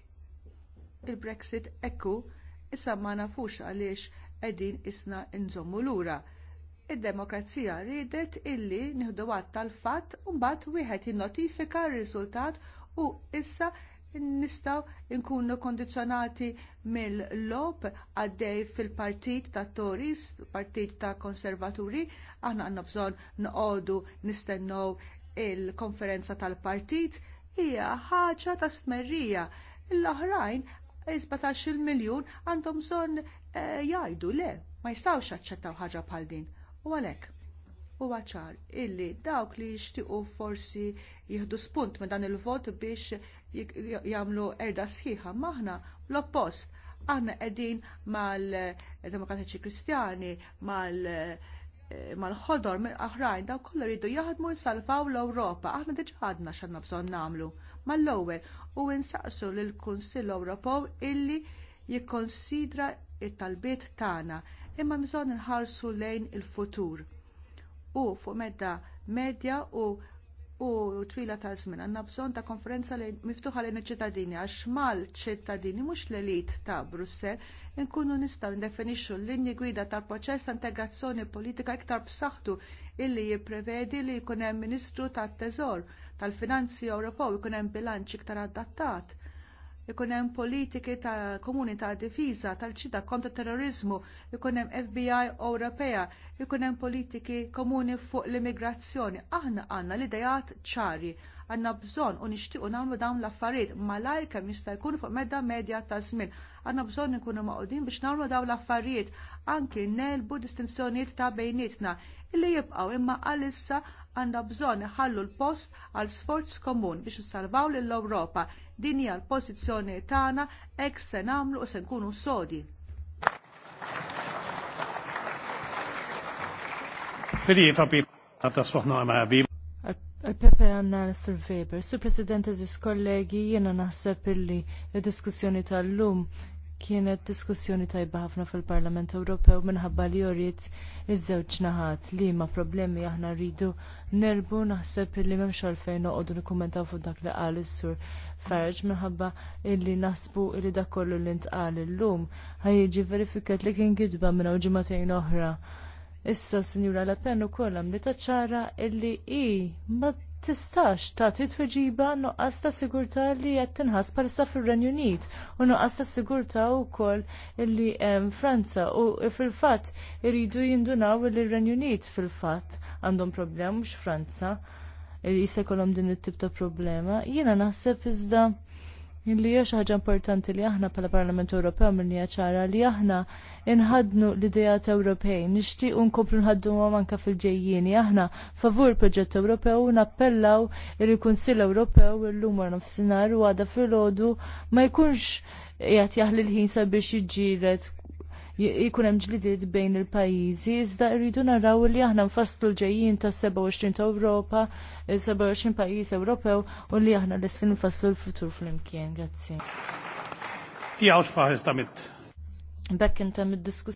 Il-Brexit ekku issa ma nafux għaliex qegħdin isna nżommu lura. Id-demokrazija riedet illi nieħdu għat tal-fatt u mbagħad wieħed jinnotifika r-riżultat u issa nistgħu nkunu kondizzjonati mill-lob għaddej fil-partit ta' Tories, partit ta' konservaturi, aħna għandna bżonn noqogħdu nistennew il-konferenza tal-partit hija ħaġa ta' smerrija. L-oħrajn 17 miljun għandhom bżonn eh, jgħidu le, ma jistgħux jaċċettaw ħaġa bħal din. U għalhekk huwa ċar illi dawk li jishtiqu forsi jieħdu spunt me dan il-vot biex jagħmlu erda sħiħa maħna l-oppost. Aħna qegħdin mal-demokratiċi kristjani, mal- eh, mal-ħodor minn aħrajn daw kollha jridu jaħdmu jsalvaw l-Ewropa. Aħna diġà għadna x'għandna bżonn nagħmlu. Mal-ewwel u nsaqsu lill kunsill Ewropew illi jikkonsidra t talbiet tagħna imma bżonn inħarsu lejn il-futur. U fuq medda medja u u twila ta' żmien għandna bżonn ta' konferenza li miftuħa lejn iċ-ċittadini għax mal-ċittadini mhux l-elit ta' Brussell nkunu nistgħu ndefinixxu l-linji gwida tal-proċess ta' integrazzjoni politika iktar b'saħħtu illi jipprevedi li jkun hemm Ministru tat-Teżor tal-Finanzi Ewropew jkun hemm bilanċ iktar adattat ikun hemm politiki ta' komunità difiża tal ċita kontra terrorizmu, ikun hemm FBI Ewropea, ikun hemm politiki komuni fuq l-immigrazzjoni. Aħna għandna l-idejat ċari, għanna bżonn u nixtiequ nagħmlu dawn l-affarijiet malajr kemm jista' jkun fuq medda medja ta' żmien. Għanna bżonn nkunu maqudin biex nagħmlu dawn l-affarijiet anki nelbu distinzjonijiet ta' bejnietna illi jibqgħu imma għalissa għandha bżonn iħallu l-post għal sforz komun biex salvaw l europa Din hija l-pożizzjoni tagħna hekk se nagħmlu u se nkunu sodi. il Pepe għanna Sir Weber. Sur President, eżis kollegi, jena naħseb illi diskussjoni tal-lum kienet diskussjoni tajba ħafna fil-Parlament Ewropew minħabba li joriet iż-żewġ naħat li ma problemi aħna rridu nerbu naħseb li m'hemmx għalfejn noqogħdu nikkumentaw fuq dak li qal is-sur Farage minħabba illi nasbu illi dak kollu li ntqal illum ħajjiġi verifikat li kien gidba minn hawn ġimagħtejn oħra. Issa Sinjura Le Pen ukoll għamlitha ċara illi hi tistax tagħti tweġiba nuqqas ta' sigurtà li qed tinħass bħalissa fir-Renju Unit u nuqqas ta' sigurtà wkoll li hemm Franza u fil-fatt iridu jindunaw li r-Renju Unit fil-fatt għandhom problem mhux Franza li jkollhom din it-tip ta' problema. Jiena naħseb iżda Illi hija xi ħaġa importanti li aħna bħala Parlament Ewropew minni ċara li aħna inħadnu l-idejat Ewropej, nixtiequ nkomplu nħadduhom anke fil-ġejjieni, aħna favur proġett Ewropew nappellaw il-Kunsill Ewropew illum wara nofsinhar u għada filgħodu ma jkunx jgħat jaħli l-ħin sabiex jġiret jikun hemm ġlidiet bejn il-pajjiżi, iżda rridu naraw li aħna nfasslu l-ġejjin ta' 27 ta' Ewropa, 27 eh, pajjiż Ewropew u li aħna lesti nfasslu l-futur flimkien. Grazzi. Die Aussprache ist damit. id-diskussjoni.